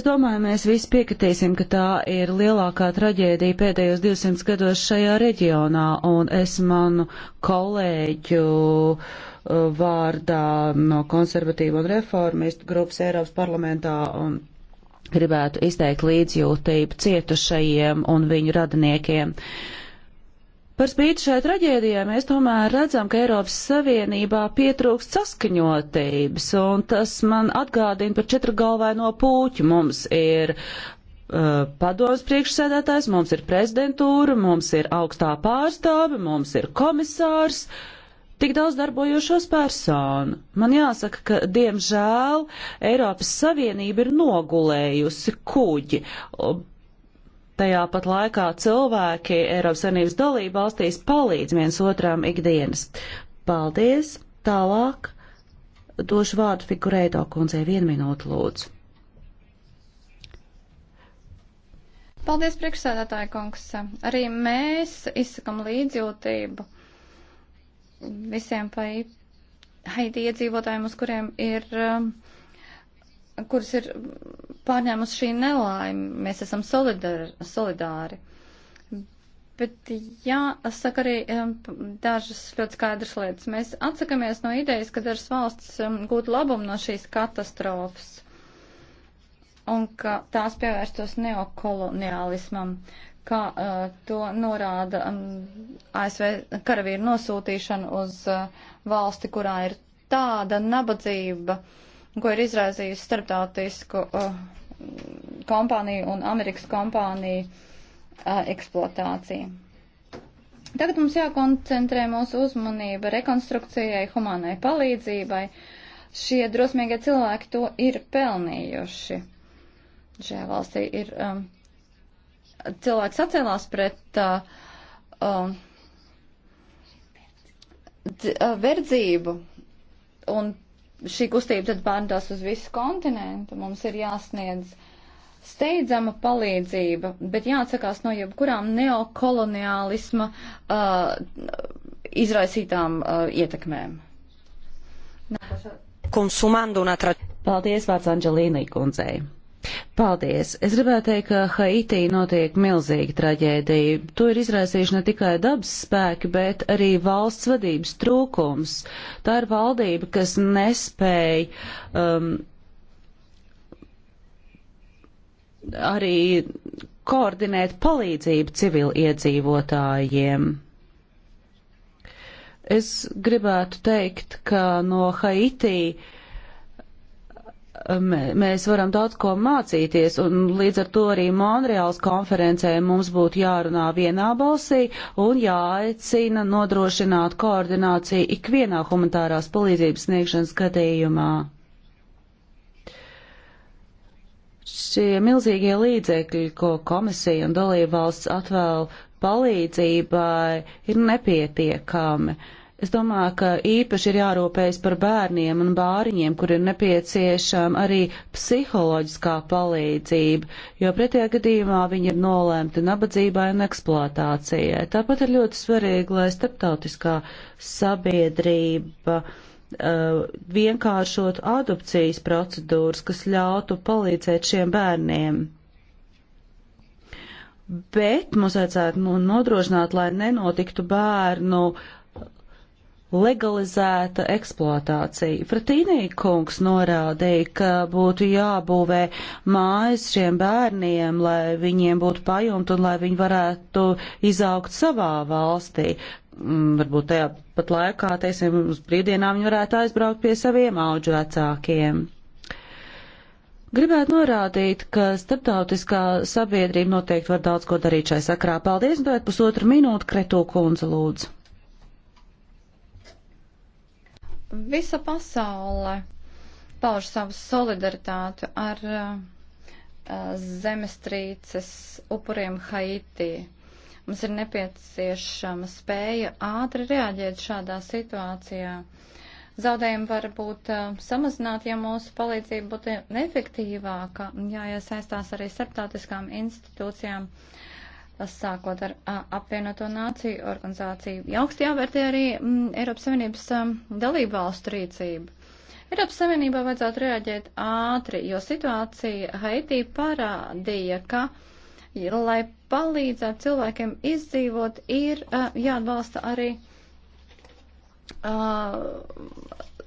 Es domāju, mēs visi piekritīsim, ka tā ir lielākā traģēdija pēdējos 200 gados šajā reģionā, un es manu kolēģu uh, vārdā no konservatīvu un reformistu grupas Eiropas parlamentā un gribētu izteikt līdzjūtību cietušajiem un viņu radiniekiem. Uh, Par spīti šai traģēdijai mēs tomēr redzam, ka Eiropas Savienībā pietrūkst saskaņotības, un tas man atgādina par četru galveno pūķu. Mums ir uh, padomas priekšsēdētājs, mums ir prezidentūra, mums ir augstā pārstāve, mums ir komisārs, tik daudz darbojošos personu. Man jāsaka, ka, diemžēl, Eiropas Savienība ir nogulējusi kuģi. Tajā pat laikā cilvēki Eiropas Savienības dalība valstīs palīdz viens otram ikdienas. Paldies! Tālāk došu vārdu figurēto kundzei vienu minūtu lūdzu. Paldies, priekšsēdētāja kungs. Arī mēs izsakam līdzjūtību visiem pa Haiti iedzīvotājiem, uz kuriem ir um, kuras ir pārņēmusi šī nelaime. Mēs esam solidari, solidāri. Bet jāsaka arī um, dažas ļoti skaidras lietas. Mēs atsakamies no idejas, ka dažas valstis um, gūtu labumu no šīs katastrofas un ka tās pievērstos neokoloniālismam, kā uh, to norāda um, ASV karavīru nosūtīšana uz uh, valsti, kurā ir tāda nabadzība. Uh, ko ir izraizījusi starptautisku uh, kompāniju un Amerikas kompāniju uh, eksploatācija. Tagad mums jākoncentrē mūsu uzmanība rekonstrukcijai, humānai palīdzībai. Šie drosmīgie cilvēki to ir pelnījuši. Šajā valstī ir um, cilvēki sacēlās pret uh, um, uh, verdzību un šī kustība tad pārdās uz visu kontinentu. Mums ir jāsniedz steidzama palīdzība, bet jāatsakās no jebkurām neokoloniālisma uh, izraisītām uh, ietekmēm. Nā. Konsumando una tra... Paldies, vārds Anģelīnai kundzei. Paldies! Es gribētu teikt, ka Haitī notiek milzīga traģēdija. To ir izraisījuši ne tikai dabas spēki, bet arī valsts vadības trūkums. Tā ir valdība, kas nespēja um, arī koordinēt palīdzību civiliedzīvotājiem. Es gribētu teikt, ka no Haitī mēs varam daudz ko mācīties, un līdz ar to arī Monreāls konferencē mums būtu jārunā vienā balsī un jāaicina nodrošināt koordināciju ikvienā humanitārās palīdzības sniegšanas gadījumā. Šie milzīgie līdzekļi, ko komisija un dalībvalsts atvēl palīdzībai, ir nepietiekami. Uh, Es domāju, ka īpaši ir jārūpējas par bērniem un bāriņiem, kur ir nepieciešama arī psiholoģiskā palīdzība, jo pretējā gadījumā viņi ir nolēmti nabadzībai un eksploatācijai. Tāpat ir ļoti svarīgi, lai starptautiskā sabiedrība uh, vienkāršot adopcijas procedūras, kas ļautu palīdzēt šiem bērniem. Bet mums vajadzētu nu, nodrošināt, lai nenotiktu bērnu uh, legalizēta eksploatācija. Fratīnī kungs norādīja, ka būtu jābūvē mājas šiem bērniem, lai viņiem būtu pajumti un lai viņi varētu izaugt savā valstī. Mm, varbūt tajā pat laikā, teiksim, uz brīvdienām viņi varētu aizbraukt pie saviem auģu vecākiem. Gribētu norādīt, ka starptautiskā sabiedrība noteikti var daudz ko darīt šai sakrā. Paldies, bet pusotru minūtu Kreto kundze lūdzu. Visa pasaule pauž savu solidaritāti ar eh, zemestrīces upuriem Haitī. Mums ir nepieciešama spēja ātri reaģēt šādā situācijā. Zaudējumi var būt eh, samazināti, ja mūsu palīdzība būtu efektīvāka, jāiesaistās arī starptautiskām institūcijām. Uh, Tas sākot ar apvienoto nāciju organizāciju. Jaukst jāvērtē arī m, Eiropas Savienības m, dalību valstu rīcību. Eiropas Savienībā vajadzētu reaģēt ātri, jo situācija Haitī parādīja, ka, lai palīdzētu cilvēkiem izdzīvot, ir uh, jāatbalsta arī uh,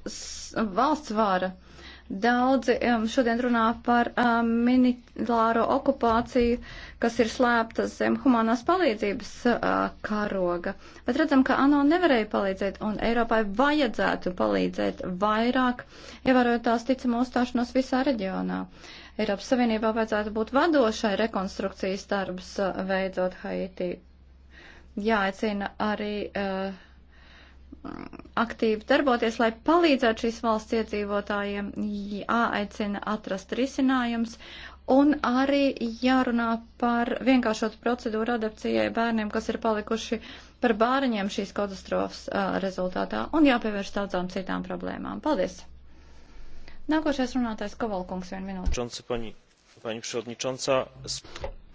valsts vāra. Uh, Daudzi šodien runā par minilāro okupāciju, kas ir slēpta zem humanās palīdzības eh, karoga. Bet redzam, ka ANO nevarēja palīdzēt, un Eiropai vajadzētu palīdzēt vairāk, ievērojot tās ticamo uzstāšanos visā reģionā. Eiropas Savienībā vajadzētu būt vadošai rekonstrukcijas darbs, eh, veidzot Haiti. Jāicina arī uh, aktīvi darboties, lai palīdzētu šīs valsts iedzīvotājiem, jāaicina atrast risinājums un arī jārunā par vienkāršotu procedūru adapcijai bērniem, kas ir palikuši par bāriņiem šīs katastrofas uh, rezultātā un jāpievērš daudzām citām problēmām. Paldies! Nākošais runātājs Kovalkungs vien minūte.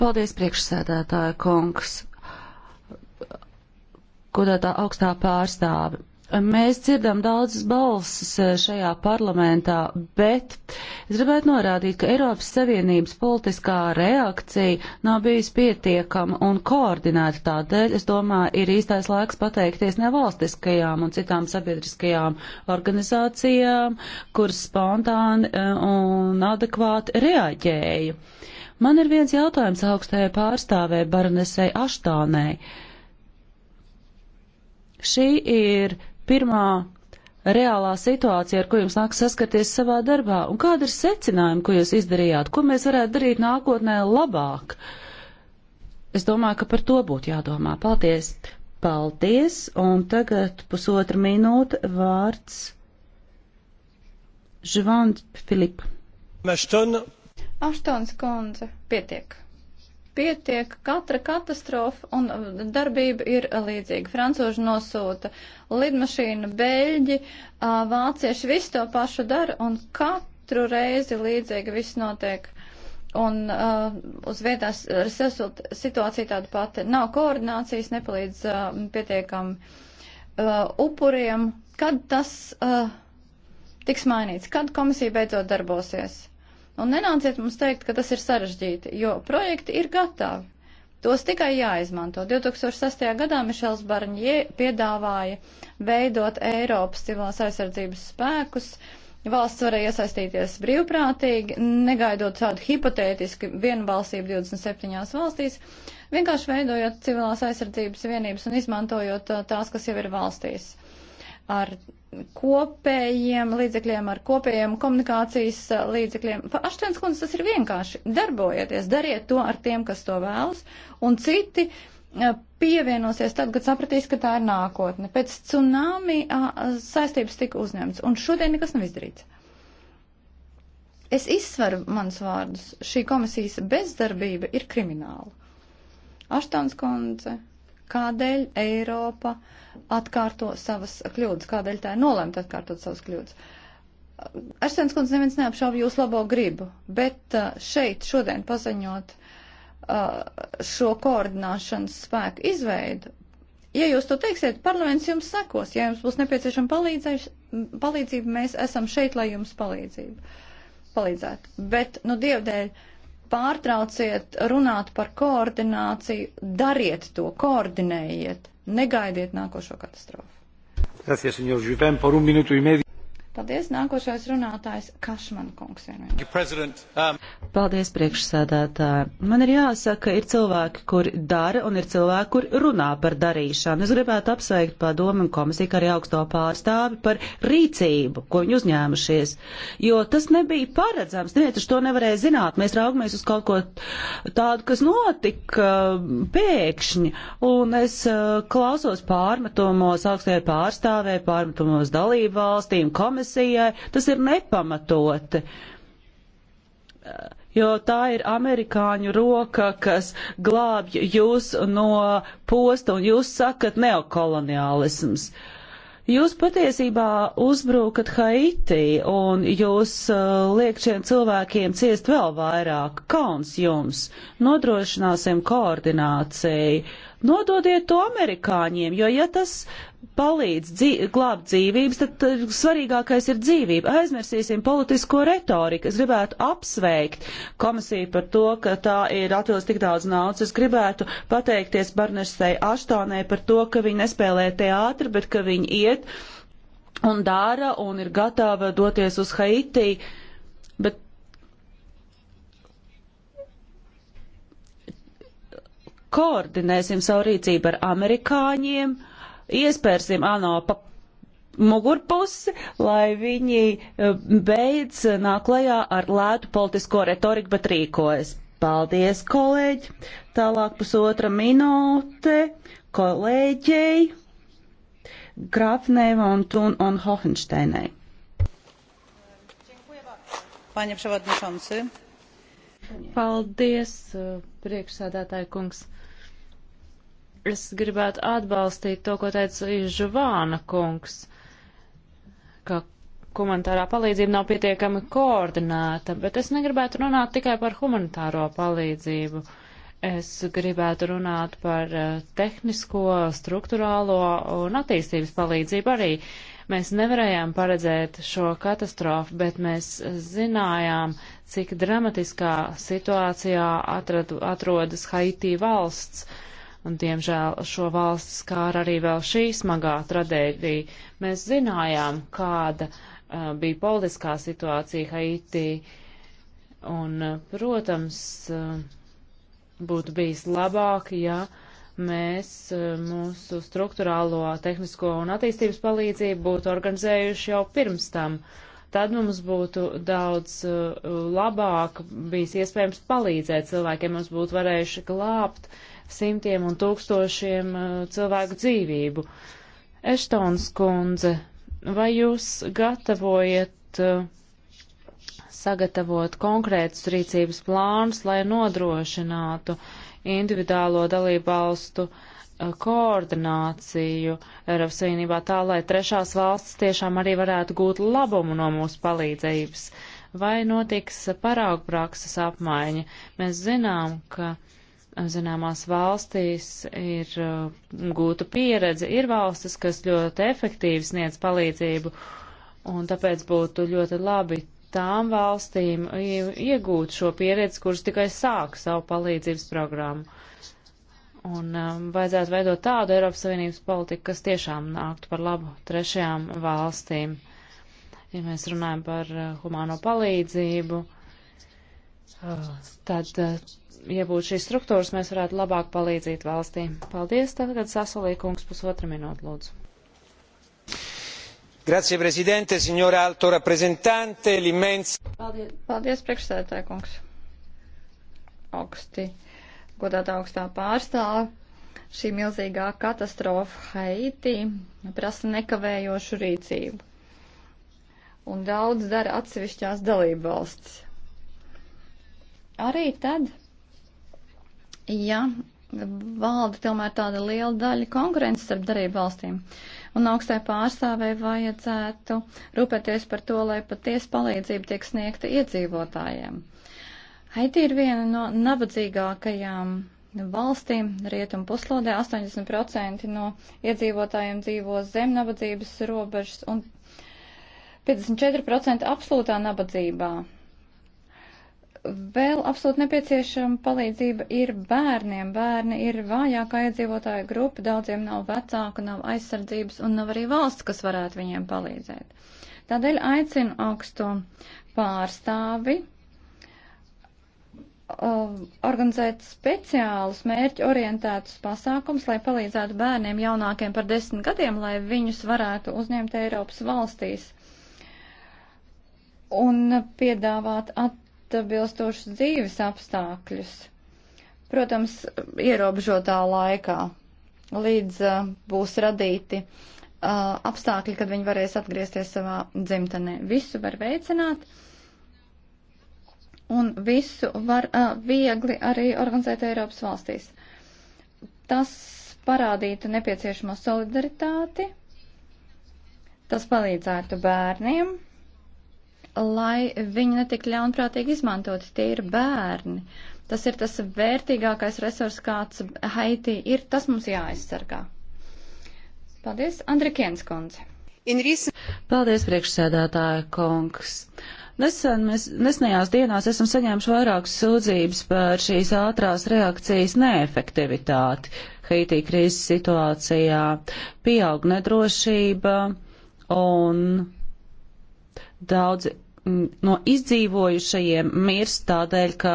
Paldies, priekšsēdētāja kungs godātā augstā pārstāve. Mēs dzirdam daudzas balsis eh, šajā parlamentā, bet es gribētu norādīt, ka Eiropas Savienības politiskā reakcija nav bijusi pietiekama un koordinēta. Tādēļ, es domāju, ir īstais laiks pateikties nevalstiskajām un citām sabiedriskajām organizācijām, kuras spontāni eh, un adekvāti reaģēja. Man ir viens jautājums augstajai pārstāvē Baronesei Aštānei. Šī ir pirmā reālā situācija, ar ko jums nāk saskarties savā darbā, un kāda ir secinājuma, ko jūs izdarījāt, ko mēs varētu darīt nākotnē labāk? Es domāju, ka par to būtu jādomā. Paldies! Paldies! Un tagad pusotra minūte vārds Žvant Filip. Aštons kundze, pietiek pietiek katra katastrofa un uh, darbība ir uh, līdzīga. Francūži nosūta lidmašīnu, beļģi, uh, vācieši visu to pašu dara un katru reizi līdzīgi viss notiek. Un uh, uz vietās situācija tāda pati. Nav koordinācijas, nepalīdz uh, pietiekami uh, upuriem. Kad tas uh, tiks mainīts? Kad komisija beidzot darbosies? Un nenāciet mums teikt, ka tas ir sarežģīti, jo projekti ir gatavi. Tos tikai jāizmanto. 2006. gadā Mišels Barņē piedāvāja veidot Eiropas civilās aizsardzības spēkus. Valsts varēja iesaistīties brīvprātīgi, negaidot tādu hipotētisku vienbalsību 27 valstīs, vienkārši veidojot civilās aizsardzības vienības un izmantojot uh, tās, kas jau ir valstīs ar kopējiem līdzekļiem, ar kopējiem komunikācijas līdzekļiem. Aštens kundze, tas ir vienkārši. Darbojieties, dariet to ar tiem, kas to vēlas, un citi eh, pievienosies tad, kad sapratīs, ka tā ir nākotne. Pēc tsunami saistības tika uzņemts, un šodien nekas nav izdarīts. Es izsveru manus vārdus. Šī komisijas bezdarbība ir krimināla. Aštons kundze, Kādēļ Eiropa atkārto savas kļūdas? Kādēļ tā ir nolemta atkārtot savas kļūdas? Arsēns kundze neviens neapšauba jūs labo gribu, bet uh, šeit šodien paziņot uh, šo koordināšanas spēku izveidu, ja jūs to teiksiet, parlaments jums sekos. Ja jums būs nepieciešama palīdzība, mēs esam šeit, lai jums palīdzību. palīdzētu. Bet, nu, dievdēļ, Pārtrauciet runāt par koordināciju, dariet to, koordinējiet, negaidiet nākošo katastrofu. Gracias, señor Juvin, por un minuto y medio. Paldies, nākošais runātājs Kašman kungs. Um... Paldies, priekšsēdētāji. Man ir jāsaka, ir cilvēki, kuri dara un ir cilvēki, kuri runā par darīšanu. Es gribētu apsveikt padomu un komisiju, kā arī augsto pārstāvi par rīcību, ko viņi uzņēmušies. Jo tas nebija paredzams, neviens taču to nevarēja zināt. Mēs raugamies uz kaut ko tādu, kas notika um, pēkšņi. Un es uh, klausos pārmetumos augstajai pārstāvē, pārmetumos dalību valstīm, komisiju komisijai, tas ir nepamatoti. Jo tā ir amerikāņu roka, kas glābj jūs no posta, un jūs sakat neokoloniālisms. Jūs patiesībā uzbrukat Haiti, un jūs uh, liek šiem cilvēkiem ciest vēl vairāk. Kauns jums! Nodrošināsim koordināciju Nododiet to amerikāņiem, jo ja tas palīdz dzī glābt dzīvības, tad svarīgākais ir dzīvība. Aizmirsīsim politisko retoriku. Es gribētu apsveikt komisiju par to, ka tā ir atvēlis tik daudz naudas. Es gribētu pateikties Barnesei Aštānē par to, ka viņi nespēlē teātri, bet ka viņi iet un dara un ir gatava doties uz Haiti. Uh, koordinēsim savu rīcību ar amerikāņiem, iespērsim ANO pa mugurpusi, lai viņi eh, beidz nāklajā ar lētu politisko retoriku, bet rīkojas. Paldies, kolēģi! Tālāk pusotra minūte kolēģei Grafnēva un Tun un Hohensteinai. Paldies, eh, priekšsādātāja kungs! Es gribētu atbalstīt to, ko teica Žuvāna kungs, ka humanitārā palīdzība nav pietiekami koordinēta, bet es negribētu runāt tikai par humanitāro palīdzību. Es gribētu runāt par eh, tehnisko, struktūrālo un attīstības palīdzību arī. Mēs nevarējām paredzēt šo katastrofu, bet mēs zinājām, cik dramatiskā situācijā atradu, atrodas Haitī valsts. Uh, Un, diemžēl, šo valsts skāra arī vēl šī smagā tradēģija. Mēs zinājām, kāda uh, bija politiskā situācija Haitī. Un, uh, protams, uh, būtu bijis labāk, ja mēs uh, mūsu struktūrālo tehnisko un attīstības palīdzību būtu organizējuši jau pirms tam. Tad mums būtu daudz uh, labāk bijis iespējams palīdzēt cilvēkiem, mums būtu varējuši glābt uh, simtiem un tūkstošiem uh, cilvēku dzīvību. Eštons kundze, vai jūs gatavojat uh, sagatavot konkrētus rīcības plānus, lai nodrošinātu individuālo dalību valstu uh, koordināciju Eiropas Savienībā tā, lai trešās valstis tiešām arī varētu gūt labumu no mūsu palīdzības? Vai notiks paraugu prakses apmaiņa? Mēs zinām, ka uh, zināmās valstīs ir uh, gūta pieredze. Ir valstis, kas ļoti efektīvi sniedz palīdzību, un tāpēc būtu ļoti labi tām valstīm iegūt šo pieredzi, kuras tikai sāk savu palīdzības programmu. Un um, vajadzētu veidot tādu Eiropas Savienības politiku, kas tiešām nāktu par labu trešajām valstīm. Ja mēs runājam par uh, humāno palīdzību, uh, tad uh, ja būtu šīs struktūras, mēs varētu labāk palīdzīt valstī. Paldies, tagad sasolīkums pusotra minūte, lūdzu. Grazie, prezidente, signora alto reprezentante, l'immense. Paldies, Paldies priekšsēdētāj, kungs. Augsti, godātā augstā pārstāva. Šī milzīgā katastrofa Haiti prasa nekavējošu rīcību. Un daudz dara atsevišķās dalību valsts. Arī tad, ja valda tomēr tāda liela daļa konkurences starp darību valstīm. Un augstai pārstāvēji vajadzētu rūpēties par to, lai patiesa palīdzība tiek sniegta iedzīvotājiem. Haiti ir viena no nabadzīgākajām valstīm. Rietumu puslodē 80% no iedzīvotājiem dzīvo zem nabadzības robežas un 54% absolūtā nabadzībā. Vēl absolūti nepieciešama palīdzība ir bērniem. Bērni ir vājākā iedzīvotāja grupa, daudziem nav vecāku, nav aizsardzības un nav arī valsts, kas varētu viņiem palīdzēt. Tādēļ aicinu augsto pārstāvi um, organizēt speciālus mērķu orientētus pasākums, lai palīdzētu bērniem jaunākiem par desmit gadiem, lai viņus varētu uzņemt Eiropas valstīs un piedāvāt at atbilstošus dzīves apstākļus. Protams, ierobežotā laikā, līdz uh, būs radīti uh, apstākļi, kad viņi varēs atgriezties savā dzimtenē. Visu var veicināt un visu var uh, viegli arī organizēt Eiropas valstīs. Tas parādītu nepieciešamo solidaritāti, tas palīdzētu bērniem lai viņi netiktu ļaunprātīgi izmantoti. Tie ir bērni. Tas ir tas vērtīgākais resurs, kāds Haiti ir. Tas mums jāaizsargā. Paldies, Andrikiens kundze. Inrīs. Paldies, priekšsēdētāja kungs. Nesen mēs, nesenajās dienās esam saņēmuši vairākas sūdzības par šīs ātrās reakcijas neefektivitāti Haitī krīzes situācijā. Pieaug nedrošība un Daudzi no izdzīvojušajiem mirst tādēļ, ka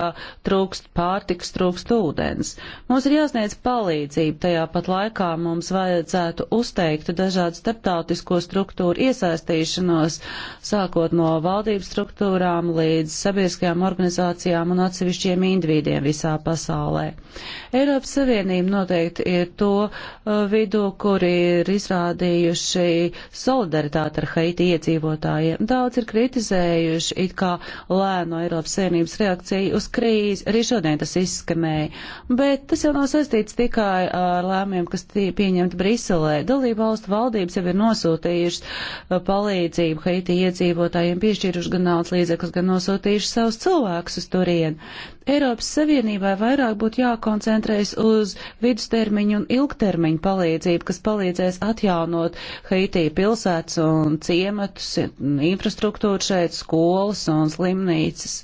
trūkst pārtiks, trūkst ūdens. Mums ir jāsniedz palīdzība, tajā pat laikā mums vajadzētu uzteikt dažādu starptautisko struktūru iesaistīšanos, sākot no valdības struktūrām līdz sabiedriskajām organizācijām un atsevišķiem individiem visā pasaulē. Eiropas Savienība noteikti ir to uh, vidū, kur ir izrādījuši solidaritāti ar Haiti iedzīvotājiem. Daudz ir kritizējuši prezentējuši it kā lēno Eiropas Savienības reakciju uz krīzi. Arī šodien tas izskanēja. Bet tas jau nav saistīts tikai ar lēmiem, kas pieņemti Briselē. Dalību valstu valdības jau ir nosūtījušas uh, palīdzību Haiti iedzīvotājiem, piešķīruši gan naudas līdzekļus, gan nosūtījuši savus cilvēkus uz turienu. Eiropas Savienībai vairāk būtu jākoncentrējas uz vidustermiņu un ilgtermiņu palīdzību, kas palīdzēs atjaunot Haitī pilsētas un ciematus, infrastruktūru šeit, skolas un slimnīcas.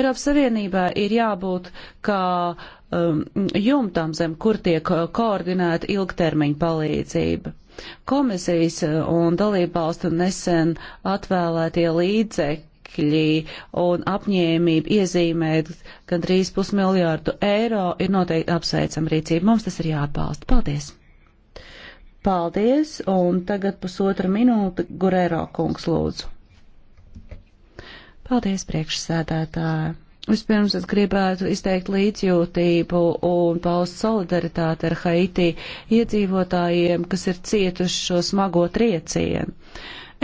Eiropas Savienībā ir jābūt kā um, jumtam zem, kur tiek uh, koordinēta ilgtermiņa palīdzība. Komisijas uh, un dalībvalstu nesen atvēlētie līdzekļi līdzekļi un apņēmība iezīmēt gandrīz pusmiljārdu eiro ir noteikti apsveicama rīcība. Mums tas ir jāatbalsta. Paldies! Paldies, un tagad pusotra minūte Gurēro kungs lūdzu. Paldies, priekšsēdētāji! Vispirms es gribētu izteikt līdzjūtību un paust solidaritāti ar Haiti iedzīvotājiem, kas ir cietuši šo smago triecienu.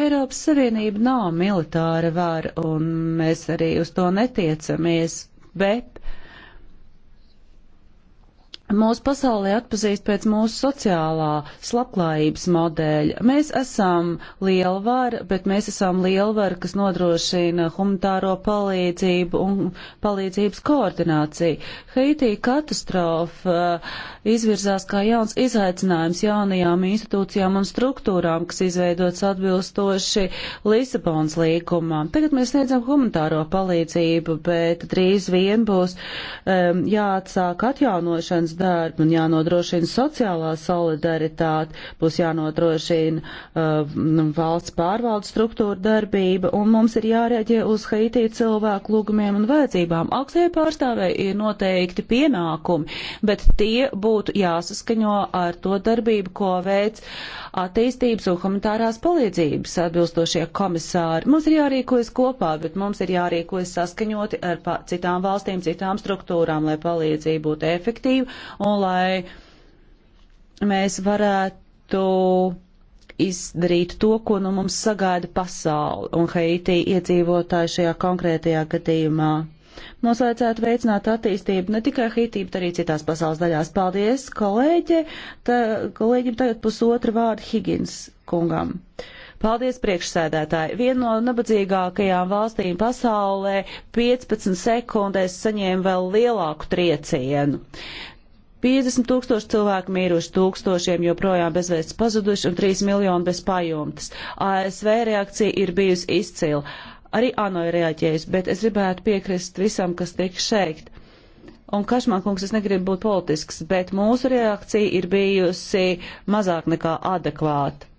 Eiropas Savienība nav militāra vara, un mēs arī uz to netiecamies, bet Mūsu pasaulē atpazīst pēc mūsu sociālā labklājības modeļa. Mēs esam lielvara, bet mēs esam lielvara, kas nodrošina humanitāro palīdzību un palīdzības koordināciju. Haitī katastrofa eh, izvirzās kā jauns izaicinājums jaunajām institūcijām un struktūrām, kas izveidots atbilstoši Lisabonas līgumam. Tagad mēs sniedzam humanitāro palīdzību, bet drīz vien būs um, jāatsāk atjaunošanas darbu un jānodrošina sociālā solidaritāte, būs jānodrošina uh, valsts pārvaldes struktūra darbība un mums ir jārēģē uz Haitī cilvēku lūgumiem un vajadzībām. Augstajai pārstāvēji ir noteikti pienākumi, bet tie būtu jāsaskaņo ar to darbību, ko veids attīstības un humanitārās palīdzības atbilstošie komisāri. Mums ir jārīkojas kopā, bet mums ir jārīkojas saskaņoti ar citām valstīm, citām struktūrām, lai palīdzība būtu efektīva un lai mēs varētu izdarīt to, ko no nu mums sagaida pasauli un Haiti iedzīvotāji šajā konkrētajā gadījumā. Mums vajadzētu veicināt attīstību ne tikai Haitī, bet arī citās pasaules daļās. Paldies, kolēģi! Ta, kolēģim tagad pusotra vārda Higgins kungam. Paldies, priekšsēdētāji! Viena no nabadzīgākajām valstīm pasaulē 15 sekundēs saņēma vēl lielāku triecienu. 50 tūkstoši cilvēku mīruši, tūkstošiem joprojām bezvēsts pazuduši un 3 miljoni bez pajumtes. ASV reakcija ir bijusi izcila. Arī ANO ir reaģējusi, bet es gribētu piekrist visam, kas tiek šeit. Un Kašmankungs, es negribu būt politisks, bet mūsu reakcija ir bijusi mazāk nekā adekvāta.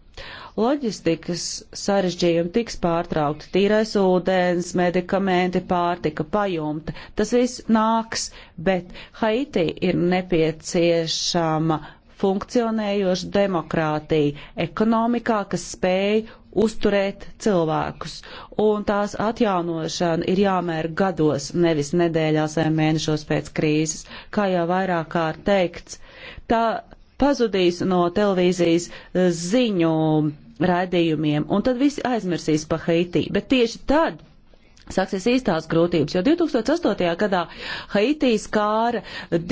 Loģistikas sarežģījumi tiks pārtraukti, tīrais ūdens, medikamenti, pārtika, pajumte, tas viss nāks, bet Haiti ir nepieciešama funkcionējoša demokrātija ekonomikā, kas spēj uzturēt cilvēkus, un tās atjaunošana ir jāmēr gados, nevis nedēļās vai mēnešos pēc krīzes, kā jau vairāk kārt teikts. Tā pazudīs no televīzijas ziņu raidījumiem, un tad visi aizmirsīs pa Haiti. Bet tieši tad sāksies īstās grūtības, jo 2008. gadā Haitī skāra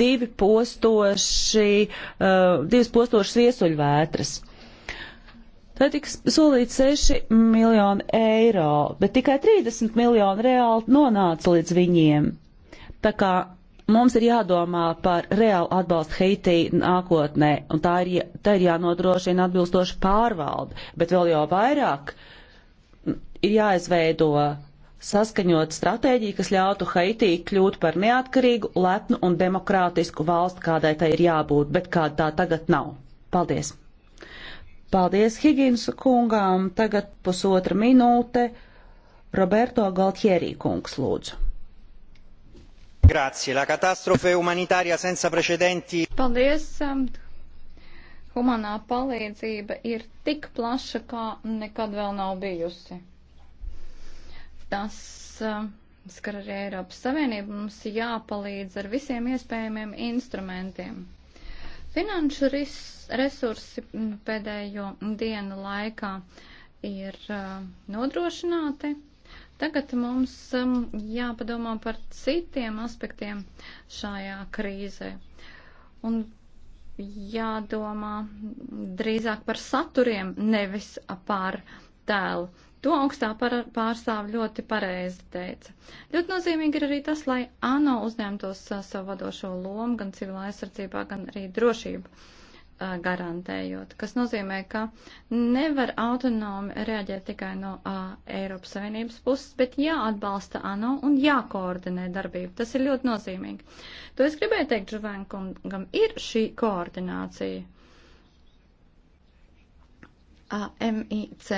divi postoši, uh, divas postošas viesuļvētras. Tā tika solīta 6 miljoni eiro, bet tikai 30 miljoni reāli nonāca līdz viņiem. Tā kā Mums ir jādomā par reālu atbalstu Haitī nākotnē, un tā ir, tā ir jānodrošina atbilstoši pārvalde, bet vēl jau vairāk ir jāizveido saskaņot stratēģiju, kas ļautu Haitī kļūt par neatkarīgu, lepnu un demokrātisku valstu, kādai tai ir jābūt, bet kāda tā tagad nav. Paldies! Paldies Higinsu kungām! Tagad pusotra minūte Roberto Galtjerī kungs lūdzu la katastrofe umanitārija senza precedenti. Paldies! Um, humanā palīdzība ir tik plaša, kā nekad vēl nav bijusi. Tas uh, skar arī Eiropas Savienību. Mums jāpalīdz ar visiem iespējamiem instrumentiem. Finanšu ris, resursi mm, pēdējo dienu laikā ir uh, nodrošināti Tagad mums um, jāpadomā par citiem aspektiem šajā krīzē. Un jādomā drīzāk par saturiem, nevis par tēlu. To augstā pārstāv ļoti pareizi teica. Ļoti nozīmīgi ir arī tas, lai ANO uzņemtos uh, savu vadošo lomu gan civilā aizsardzībā, gan arī drošību garantējot, kas nozīmē, ka nevar autonomi reaģēt tikai no uh, Eiropas Savienības puses, bet jāatbalsta ANO un jākoordinē darbību. Tas ir ļoti nozīmīgi. To es gribēju teikt Žuvenkungam, ir šī koordinācija. Uh, MIC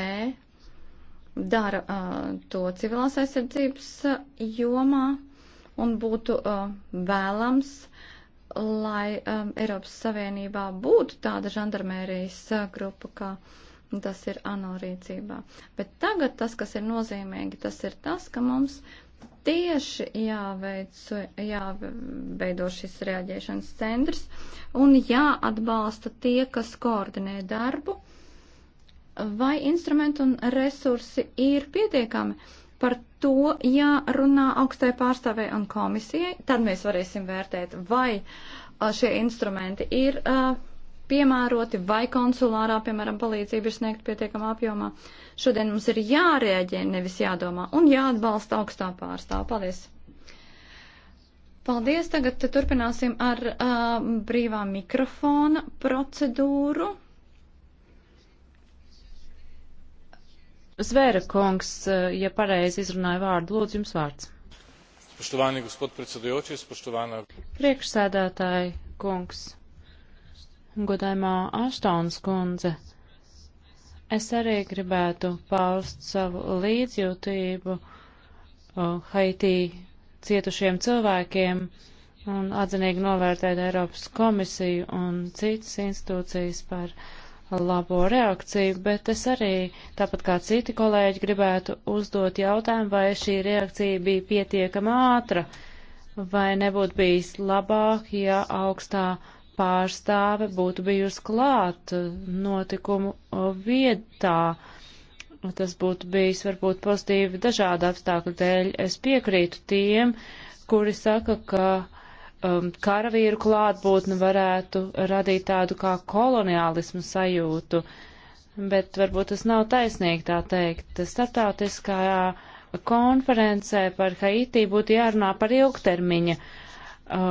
dara uh, to civilās aizsardzības uh, jomā un būtu uh, vēlams uh, lai um, Eiropas Savienībā būtu tāda žandarmērijas uh, grupa, kā tas ir ANO rīcībā. Bet tagad tas, kas ir nozīmīgi, tas ir tas, ka mums tieši jāveic, jāveido šis reaģēšanas centrs un jāatbalsta tie, kas koordinē darbu, vai instrumenti un resursi ir pietiekami Par to jārunā augstai pārstāvē un komisijai, tad mēs varēsim vērtēt, vai šie instrumenti ir piemēroti, vai konsulārā, piemēram, palīdzība ir sniegt pietiekamā apjomā. Šodien mums ir jārēģē, nevis jādomā, un jāatbalsta augstā pārstāvā. Paldies! Paldies! Tagad turpināsim ar uh, brīvā mikrofona procedūru. Zvēra kungs, eh, ja pareizi izrunāju vārdu, lūdzu jums vārds. Spoštovani gospod predsedujoči, spoštovana. Priekšsēdētāji kungs, godājumā Aštons kundze, es arī gribētu paust savu līdzjūtību uh, Haitī cietušiem cilvēkiem un atzinīgi novērtēt Eiropas komisiju un citas institūcijas par uh, labo reakciju, bet es arī, tāpat kā citi kolēģi, gribētu uzdot jautājumu, vai šī reakcija bija pietiekama ātra, vai nebūtu bijis labāk, ja augstā pārstāve būtu bijusi klāt notikumu vietā. Tas būtu bijis varbūt pozitīvi dažādu apstākļu dēļ. Es piekrītu tiem, kuri saka, ka um, karavīru klātbūtne varētu radīt tādu kā koloniālismu sajūtu, bet varbūt tas nav taisnīgi tā teikt. Startautiskajā konferencē par Haiti būtu jārunā par ilgtermiņa uh,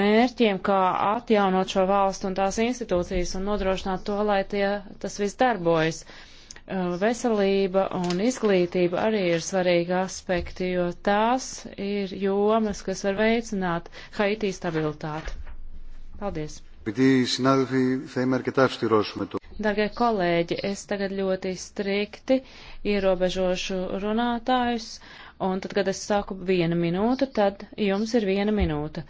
mērķiem, kā atjaunot šo valstu un tās institūcijas un nodrošināt to, lai tie, tas viss darbojas. Uh, Eh, veselība un izglītība arī ir svarīgi aspekti, jo tās ir jomas, kas var veicināt Haitī stabilitāti. Paldies! Dargie kolēģi, es tagad ļoti strikti ierobežošu runātājus, un tad, kad es saku viena minūte, tad jums ir viena minūte.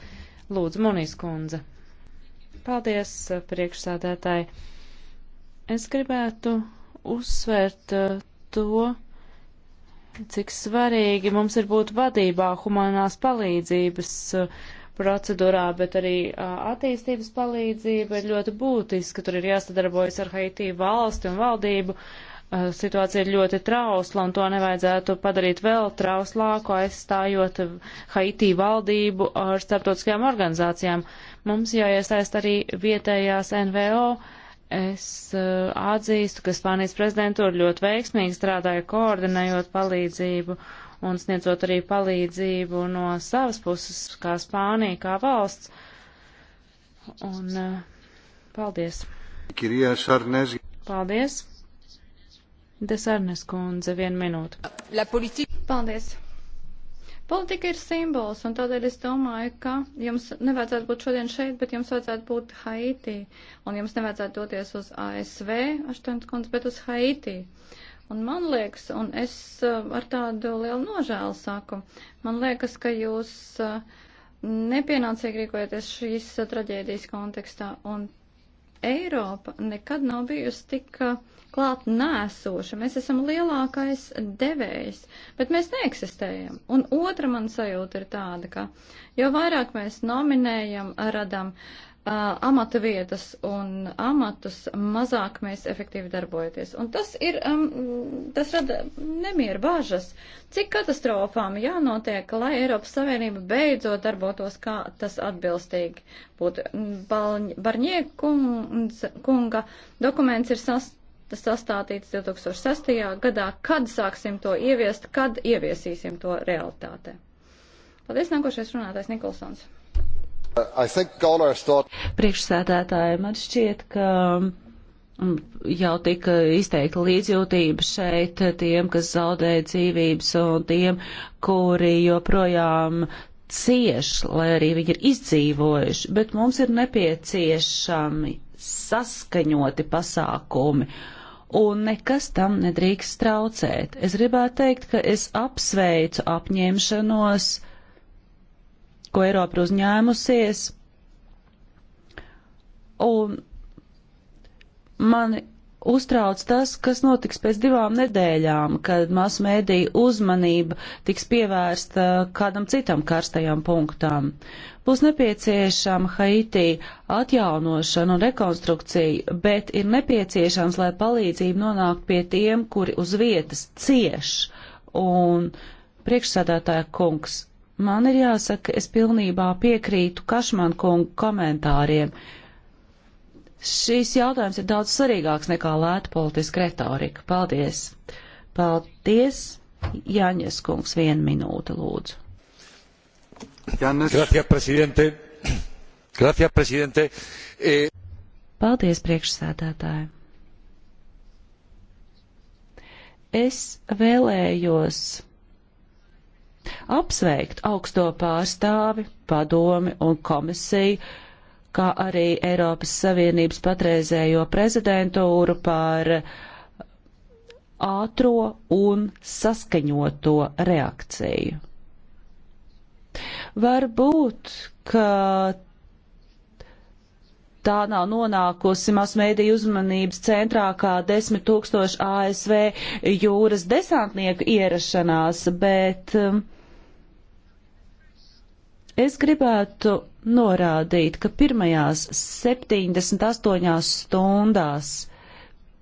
Lūdzu, Monīs kundze. Paldies, priekšsādētāji. Es gribētu uzsvērt uh, to, cik svarīgi mums ir būt vadībā humanās palīdzības uh, procedūrā, bet arī uh, attīstības palīdzība ir ļoti būtiska. Tur ir jāsadarbojas ar Haitī valsti un valdību. Uh, situācija ir ļoti trausla, un to nevajadzētu padarīt vēl trauslāku, aizstājot Haitī valdību ar starptautiskajām organizācijām. Mums jāiesaist arī vietējās NVO uh, Es uh, atzīstu, ka Spānijas prezidentūra ļoti veiksmīgi strādāja koordinējot palīdzību un sniedzot arī palīdzību no savas puses, kā Spānija, kā valsts. Un uh, paldies. Paldies. Desarnes kundze, vienu minūtu. Paldies. Politika ir simbols, un tādēļ es domāju, ka jums nevajadzētu būt šodien šeit, bet jums vajadzētu būt Haitī. Un jums nevajadzētu doties uz ASV, aštuntkunds, bet uz Haitī. Un man liekas, un es uh, ar tādu lielu nožēlu saku, man liekas, ka jūs uh, nepienācīgi rīkojaties šīs uh, traģēdijas kontekstā, un Eiropa nekad nav bijusi tik uh, klāt nēsoša. Mēs esam lielākais devējs, bet mēs neeksistējam. Un otra man sajūta ir tāda, ka jo vairāk mēs nominējam, radam uh, amata vietas un amatus, mazāk mēs efektīvi darbojaties. Un tas ir, um, tas rada nemieru bāžas. Cik katastrofām jānotiek, lai Eiropas Savienība beidzot darbotos, kā tas atbilstīgi būtu. Barņiekunga dokuments ir sas, sastādīts 2006. gadā, kad sāksim to ieviest, kad ieviesīsim to realitātē. Paldies, nākošais runātājs Nikolsons. Thought... Priekšsēdētāji, man šķiet, ka mm, jau tika izteikta līdzjūtība šeit tiem, kas zaudēja dzīvības un tiem, kuri joprojām cieš, lai arī viņi ir izdzīvojuši, bet mums ir nepieciešami saskaņoti pasākumi. Un nekas tam nedrīkst traucēt. Es gribētu teikt, ka es apsveicu apņemšanos ko Eiropa ir uzņēmusies. Un mani uztrauc tas, kas notiks pēc divām nedēļām, kad masu mēdīja uzmanība tiks pievērsta kādam citam karstajam punktam. Būs nepieciešama Haiti atjaunošana un rekonstrukcija, bet ir nepieciešams, lai palīdzība nonāktu pie tiem, kuri uz vietas cieš. Un priekšsādātāja kungs, Man ir jāsaka, es pilnībā piekrītu Kašmanu kungu komentāriem. Šīs jautājums ir daudz svarīgāks nekā lēta politiska retorika. Paldies! Paldies! Jāņas kungs, viena minūte, lūdzu. Jānis. Gracias, prezidente. Gracias, prezidente. E... Eh, Paldies, priekšsēdētāji. Es vēlējos apsveikt augsto pārstāvi, padomi un komisiju, kā arī Eiropas Savienības patreizējo prezidentūru par ātro un saskaņoto reakciju. Varbūt, ka tā nav nonākusi masmēdīju uzmanības centrā kā 10 tūkstoši ASV jūras desantnieku ierašanās, bet um, Es gribētu norādīt, ka pirmajās 78 stundās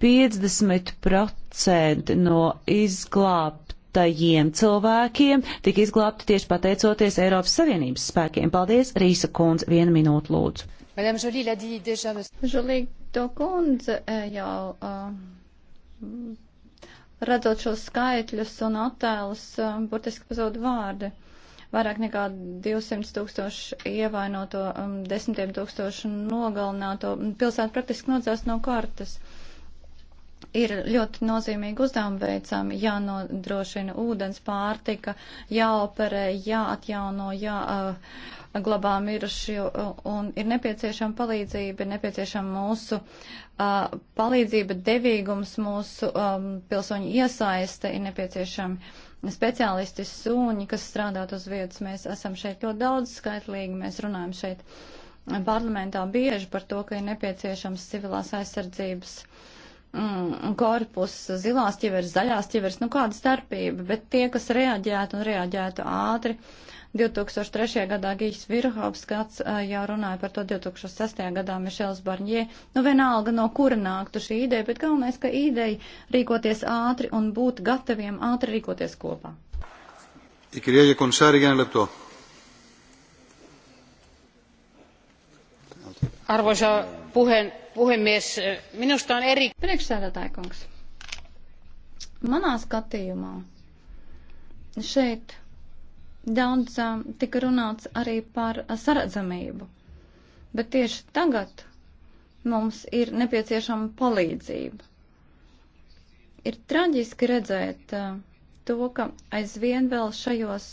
50% no izglābtajiem cilvēkiem tika izglābti tieši pateicoties Eiropas Savienības spēkiem. Paldies, Rīsa Kunz, viena minūte lūdzu. Žulī, to kundze jau uh, eh, redzot šos skaitļus un attēlus, uh, burtiski pazauda vārdi vairāk nekā 200 tūkstoši ievainoto, um, desmitiem tūkstošu nogalināto. Pilsēta praktiski nodzēs no kartas. Ir ļoti nozīmīgi uzdevumi veicam, jānodrošina ūdens pārtika, jāoperē, jāatjauno, jā. Uh, glabā miruši un ir nepieciešama palīdzība, ir nepieciešama mūsu uh, palīdzība, devīgums, mūsu um, pilsoņu iesaiste, ir nepieciešami speciālisti sūņi, kas strādāt uz vietas. Mēs esam šeit ļoti daudz skaitlīgi, mēs runājam šeit parlamentā bieži par to, ka ir nepieciešams civilās aizsardzības mm, korpus, zilās ķiveres, zaļās ķiveres, nu kāda starpība, bet tie, kas reaģētu un reaģētu ātri, uh, 2003. gadā Gijs Virhovs kāds jau runāja par to 2006. gadā Mišels Barņē. Nu vienalga, no kura nāktu šī ideja, bet galvenais, ka ideja rīkoties ātri un būt gataviem ātri rīkoties kopā. Ikirieģa Konsāri, gan lepto. Arvoisa puheen, puhemies, minusta on eri... Priekšsēdētāja kungs, manā skatījumā šeit Daudz tika runāts arī par saredzamību, bet tieši tagad mums ir nepieciešama palīdzība. Ir traģiski redzēt to, ka aizvien vēl šajos,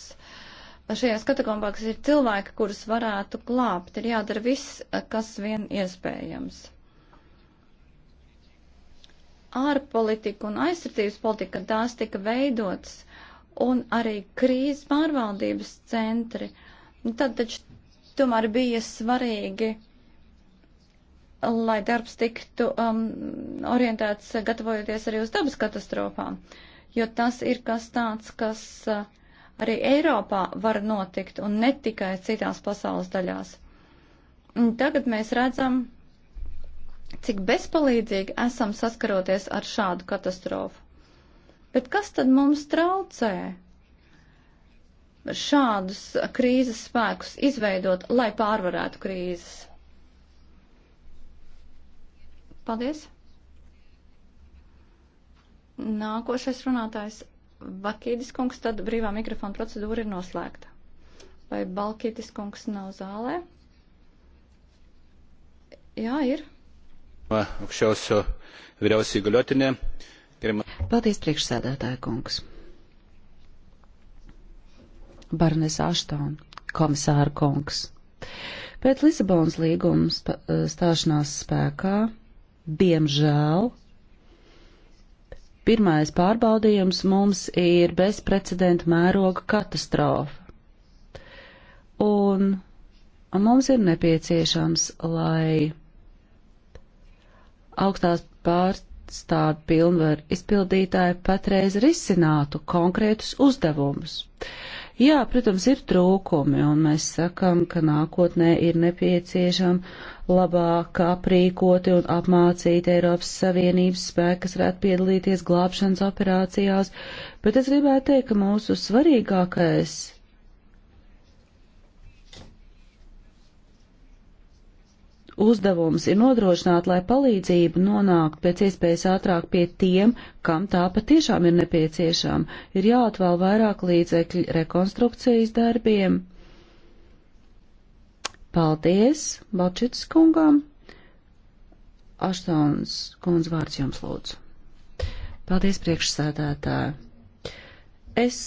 šajās katakombāks ir cilvēki, kurus varētu glābt. Ir jādara viss, kas vien iespējams ārpolitika un aizsardzības politika, kad tās tika veidotas, un arī krīzes pārvaldības centri. Un nu, tad taču tomēr bija svarīgi, lai darbs tiktu um, orientēts gatavojoties arī uz dabas katastrofām, jo tas ir kas tāds, kas uh, arī Eiropā var notikt un ne tikai citās pasaules daļās. Un tagad mēs redzam, cik bezpalīdzīgi esam saskaroties ar šādu katastrofu. Bet kas tad mums traucē šādus krīzes spēkus izveidot, lai pārvarētu krīzes? Paldies! Nākošais runātājs Vakīdis kungs, tad brīvā mikrofona procedūra ir noslēgta. Vai Balkītis kungs nav zālē? Jā, ir. Augščiausio vyriausiai galiotinė. Paldies, priekšsēdētāja kungs. Barnes Aštona, komisāra kungs. Pēc Lisabonas līgumas eh, stāšanās spēkā, diemžēl, pirmais pārbaudījums mums ir bezprecedenta mēroga katastrofa. Un, un mums ir nepieciešams, lai augstās pārstāvjums iestādu pilnvaru izpildītāji patreiz risinātu konkrētus uzdevumus. Jā, protams, ir trūkumi, un mēs sakam, ka nākotnē ir nepieciešama labāk aprīkoti un apmācīti Eiropas Savienības spēki, kas varētu piedalīties glābšanas operācijās, bet es gribētu teikt, ka mūsu svarīgākais uzdevums ir nodrošināt, lai palīdzība nonāktu pēc iespējas ātrāk pie tiem, kam tā patiešām ir nepieciešama. Ir jāatvēl vairāk līdzekļu rekonstrukcijas darbiem. Paldies, Balčits kungām. Aštons kundz vārds jums lūdzu. Paldies, priekšsēdētāji. Es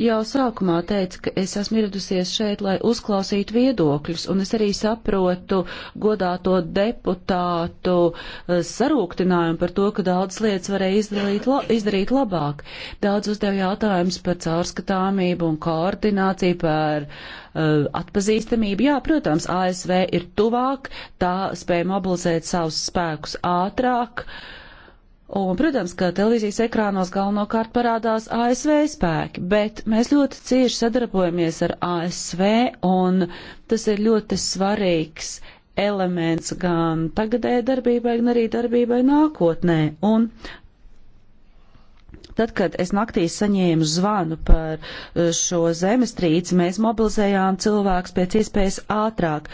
jau sākumā teicu, ka es esmu ieradusies šeit, lai uzklausītu viedokļus, un es arī saprotu godāto deputātu eh, sarūktinājumu par to, ka daudz lietas varēja izdarīt, la izdarīt labāk. Daudz uzdev jautājums par caurskatāmību un koordināciju, par uh, atpazīstamību. Jā, protams, ASV ir tuvāk, tā spēja mobilizēt savus spēkus ātrāk. Uh, Un, protams, ka televīzijas ekrānos galvenokārt parādās ASV spēki, bet mēs ļoti cieši sadarbojamies ar ASV, un tas ir ļoti svarīgs elements gan tagadēji darbībai, gan arī darbībai nākotnē. Un tad, kad es naktī saņēmu zvanu par uh, šo zemestrīci, mēs mobilizējām cilvēkus pēc iespējas ātrāk.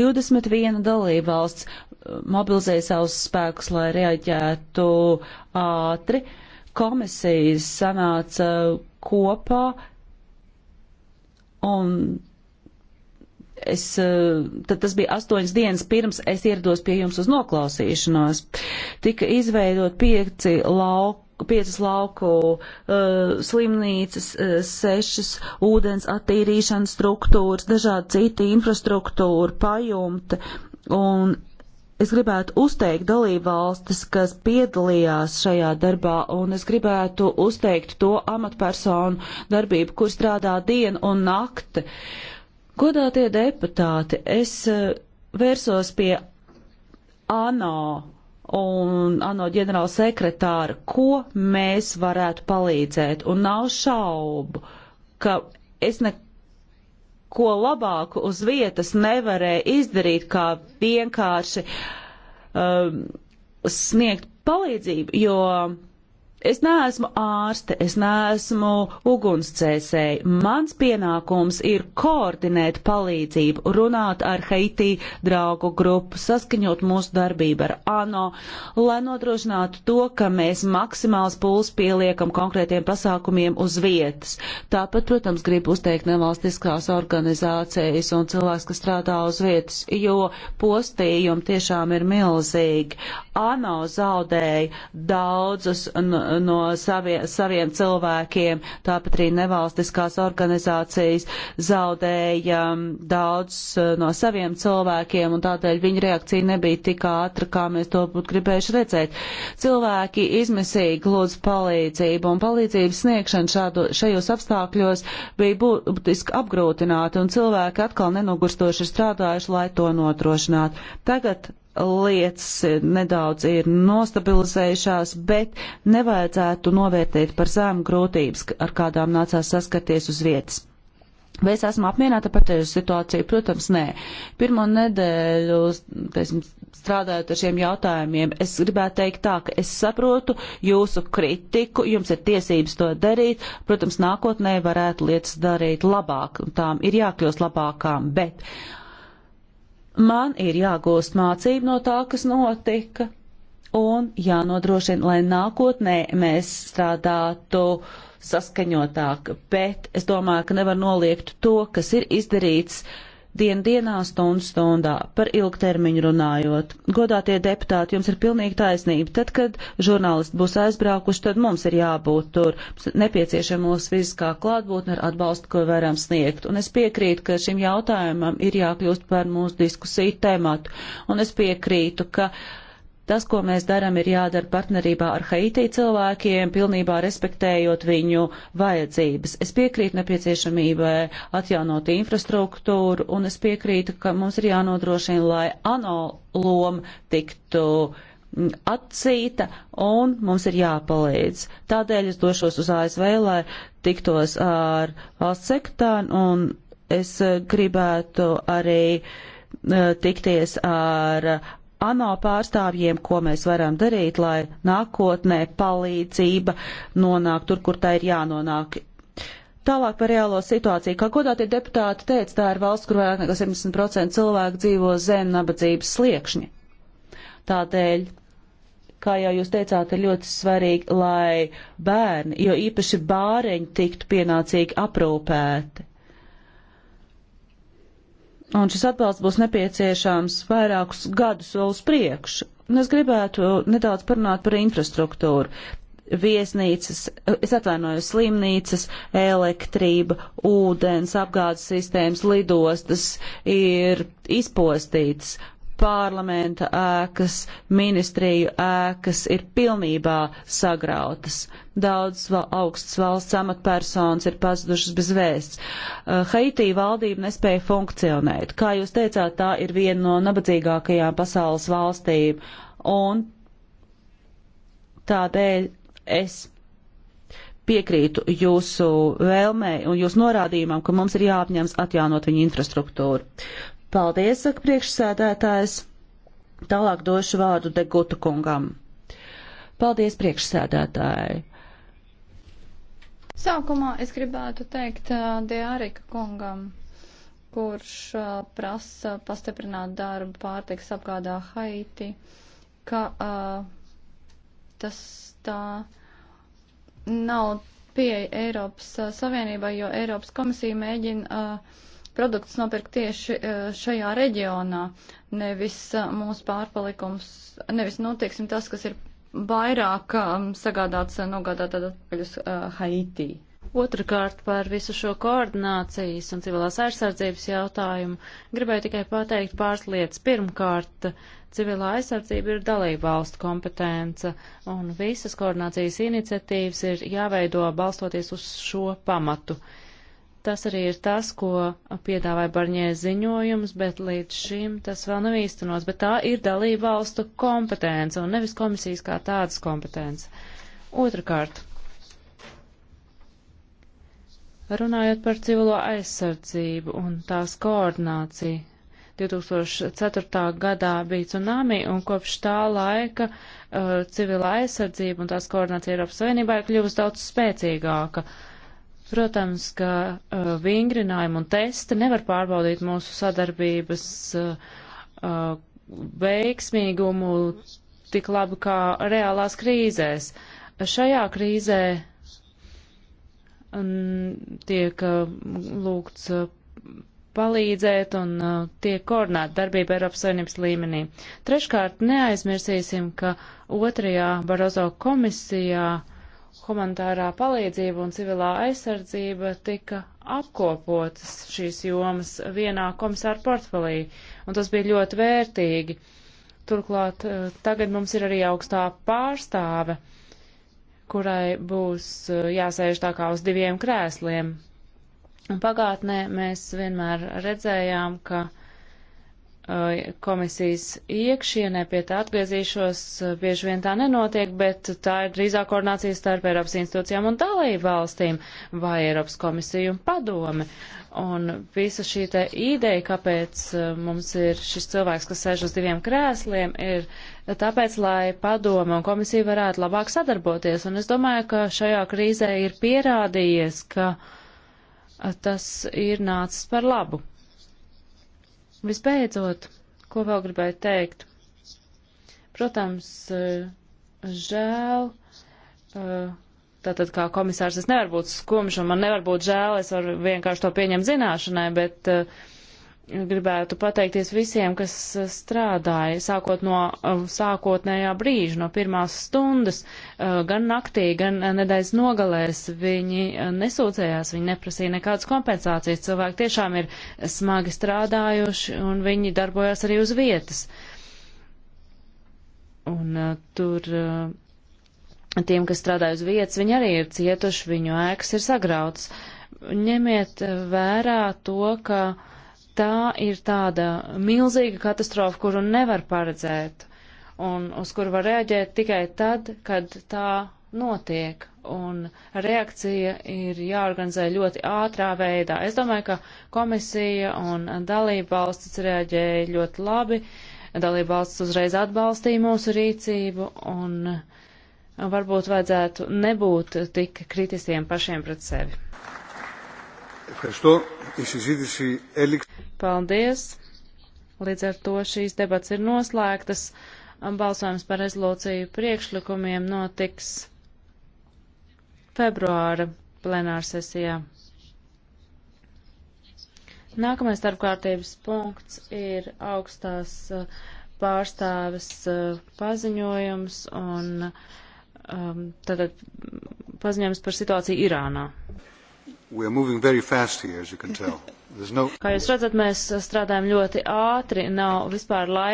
21 dalībvalsts mobilizēja savus spēkus, lai reaģētu ātri. Komisijas sanāca kopā un es, tad tas bija astoņas dienas pirms es ierados pie jums uz noklausīšanos. Tika izveidot pieci lauki piecas lauku uh, slimnīcas, uh, sešas ūdens attīrīšanas struktūras, dažādi citi infrastruktūra, pajumte un Es gribētu uzteikt dalību valstis, kas piedalījās šajā darbā, un es gribētu uzteikt to amatpersonu darbību, kur strādā dienu un nakti. Godātie deputāti, es e, vērsos pie ANO un ANO ģenerāla sekretāra, ko mēs varētu palīdzēt, un nav šaubu, ka es nekad ko labāku uz vietas nevarēja izdarīt, kā vienkārši um, sniegt palīdzību, jo Es neesmu ārste, es neesmu ugunsdzēsēji. Mans pienākums ir koordinēt palīdzību, runāt ar Haiti draugu grupu, saskaņot mūsu darbību ar ANO, lai nodrošinātu to, ka mēs maksimāls pūls pieliekam konkrētiem pasākumiem uz vietas. Tāpat, protams, gribu uzteikt nevalstiskās organizācijas un cilvēks, kas strādā uz vietas, jo postījumi tiešām ir milzīgi. ANO zaudēja daudzus no savie, saviem cilvēkiem, tāpat arī nevalstiskās organizācijas zaudēja daudz e, no saviem cilvēkiem, un tādēļ viņa reakcija nebija tik ātra, kā mēs to būtu gribējuši redzēt. Cilvēki izmisīgi lūdz palīdzību, un palīdzības sniegšana šādu, šajos apstākļos bija būtiski apgrūtināta, un cilvēki atkal nenogurstoši ir strādājuši, lai to nodrošinātu. Tagad lietas nedaudz ir nostabilizējušās, bet nevajadzētu novērtēt par zēmu grūtības, ar kādām nācās saskarties uz vietas. Vai es esmu apmierināta par tevi situāciju? Protams, nē. Pirmo nedēļu teiksim, strādājot ar šiem jautājumiem, es gribētu teikt tā, ka es saprotu jūsu kritiku, jums ir tiesības to darīt. Protams, nākotnē varētu lietas darīt labāk, tām ir jākļūst labākām, bet uh, Man ir jāgūst mācība no tā, kas notika, un jānodrošina, lai nākotnē mēs strādātu saskaņotāk, bet es domāju, ka nevar noliegt to, kas ir izdarīts uh, dienu dienā, stundu stundā, par ilgtermiņu runājot. Godātie deputāti, jums ir pilnīgi taisnība. Tad, kad žurnālisti būs aizbraukuši, tad mums ir jābūt tur. Mums nepieciešama mūsu fiziskā klātbūtne ar atbalstu, ko varam sniegt. Un es piekrītu, ka šim jautājumam ir jākļūst par mūsu diskusiju tēmatu. Un es piekrītu, ka uh, Tas, ko mēs darām, ir jādara partnerībā ar Haiti cilvēkiem, pilnībā respektējot viņu vajadzības. Es piekrītu nepieciešamībai atjaunot infrastruktūru, un es piekrītu, ka mums ir jānodrošina, lai ANO loma tiktu mm, atcīta un mums ir jāpalīdz. Tādēļ es došos uz ASV, lai tiktos ar valsts sektānu un es gribētu arī eh, tikties ar ANO pārstāvjiem, ko mēs varam darīt, lai nākotnē palīdzība nonāk tur, kur tā ir jānonāk. Tālāk par reālo situāciju. Kā godātie deputāti teica, tā ir valsts, kur vairāk nekā 70% cilvēku dzīvo zem nabadzības sliekšņa. Tādēļ, kā jau jūs teicāt, ir ļoti svarīgi, lai bērni, jo īpaši bāreņi, tiktu pienācīgi aprūpēti un šis atbalsts būs nepieciešams vairākus gadus vēl uz priekšu. Un es gribētu nedaudz parunāt par infrastruktūru. Viesnīcas, es atvainojos, slimnīcas, elektrība, ūdens, apgādes sistēmas, lidostas ir izpostītas, parlamenta ēkas, ministriju ēkas ir pilnībā sagrautas. Daudz augsts valsts amatpersonas ir pazudušas bez vēsts. Uh, Haitī valdība nespēja funkcionēt. Kā jūs teicāt, tā ir viena no nabadzīgākajām pasaules valstīm. Un tādēļ es piekrītu jūsu vēlmei un jūsu norādījumam, ka mums ir jāapņems atjaunot viņu infrastruktūru. Paldies, saka priekšsēdētājs. Tālāk došu vārdu Deguta kungam. Paldies, priekšsēdētāji. Sākumā es gribētu teikt Diārika kungam, kurš prasa pastiprināt darbu pārtiks apgādā Haiti, ka uh, tas tā nav pieeja Eiropas Savienībai, jo Eiropas komisija mēģina uh, produktus nopirkt tieši e, šajā reģionā, nevis e, mūsu pārpalikums, nevis notieksim nu, tas, kas ir vairāk e, sagādāts, nogādāt atpakaļ uz Haitī. Otrakārt par visu šo koordinācijas un civilās aizsardzības jautājumu gribēju tikai pateikt pāris lietas. Pirmkārt, civilā aizsardzība ir dalība valstu kompetence, un visas koordinācijas iniciatīvas ir jāveido balstoties uz šo pamatu. Uh, Tas arī ir tas, ko piedāvāja Barņē ziņojums, bet līdz šim tas vēl nav īstenots. Bet tā ir dalība valstu kompetence un nevis komisijas kā tādas kompetence. Otrakārt, runājot par civilo aizsardzību un tās koordināciju. 2004. gadā bija tsunami un kopš tā laika uh, civilā aizsardzība un tās koordinācija Eiropas Savienībā ir kļuvusi daudz spēcīgāka. Uh, Protams, ka uh, vingrinājumi un testi nevar pārbaudīt mūsu sadarbības uh, uh, veiksmīgumu tik labi kā reālās krīzēs. Šajā krīzē um, tiek uh, lūgts uh, palīdzēt un uh, tiek koordinēta darbība Eiropas Savienības līmenī. Treškārt, neaizmirsīsim, ka otrajā Barozo komisijā uh, humanitārā palīdzība un civilā aizsardzība tika apkopotas šīs jomas vienā komisāra portfelī, un tas bija ļoti vērtīgi. Turklāt eh, tagad mums ir arī augstā pārstāve, kurai būs eh, jāsēž tā kā uz diviem krēsliem. Un pagātnē mēs vienmēr redzējām, ka uh, Uh, komisijas iekšienē pie tā atgriezīšos, uh, bieži vien tā nenotiek, bet tā ir drīzāk koordinācija starp Eiropas institūcijām un dalību valstīm vai Eiropas komisiju un padome. Un visa šī te ideja, kāpēc uh, mums ir šis cilvēks, kas sēž uz diviem krēsliem, ir tāpēc, lai padome un komisija varētu labāk sadarboties. Un es domāju, ka šajā krīzē ir pierādījies, ka tas ir nācis par labu. Visbeidzot, ko vēl gribēju teikt? Protams, eh, žēl, eh, tātad kā komisārs es nevaru būt skumš un man nevar būt žēl, es varu vienkārši to pieņemt zināšanai, bet uh, gribētu pateikties visiem, kas strādāja sākot no um, sākotnējā brīža, no pirmās stundas, uh, gan naktī, gan uh, nedēļas nogalēs. Viņi uh, nesūdzējās, viņi neprasīja nekādas kompensācijas. Cilvēki tiešām ir smagi strādājuši un viņi darbojās arī uz vietas. Un tur tiem, kas strādāja uz vietas, viņi arī ir cietuši, viņu ēkas ir sagrautas. Ņemiet vērā to, ka uh, tā ir tāda milzīga katastrofa, kuru nevar paredzēt un uz kuru var reaģēt tikai tad, kad tā notiek. Un reakcija ir jāorganizē ļoti ātrā veidā. Es domāju, ka komisija un dalība valstis reaģēja ļoti labi. Dalība valstis uzreiz atbalstīja mūsu rīcību un varbūt vajadzētu nebūt tik kritiskiem pašiem pret sevi. Ευχαριστώ. Η συζήτηση έληξε. Paldies! Līdz ar to šīs debats ir noslēgtas. Balsojums par rezolūciju priekšlikumiem notiks februāra plenārsesijā. Nākamais starpkārtības punkts ir augstās uh, pārstāves uh, paziņojums un um, tātad paziņojums par situāciju Irānā. Fast here, no... Kā jūs redzat, mēs strādājam ļoti ātri, nav vispār laika.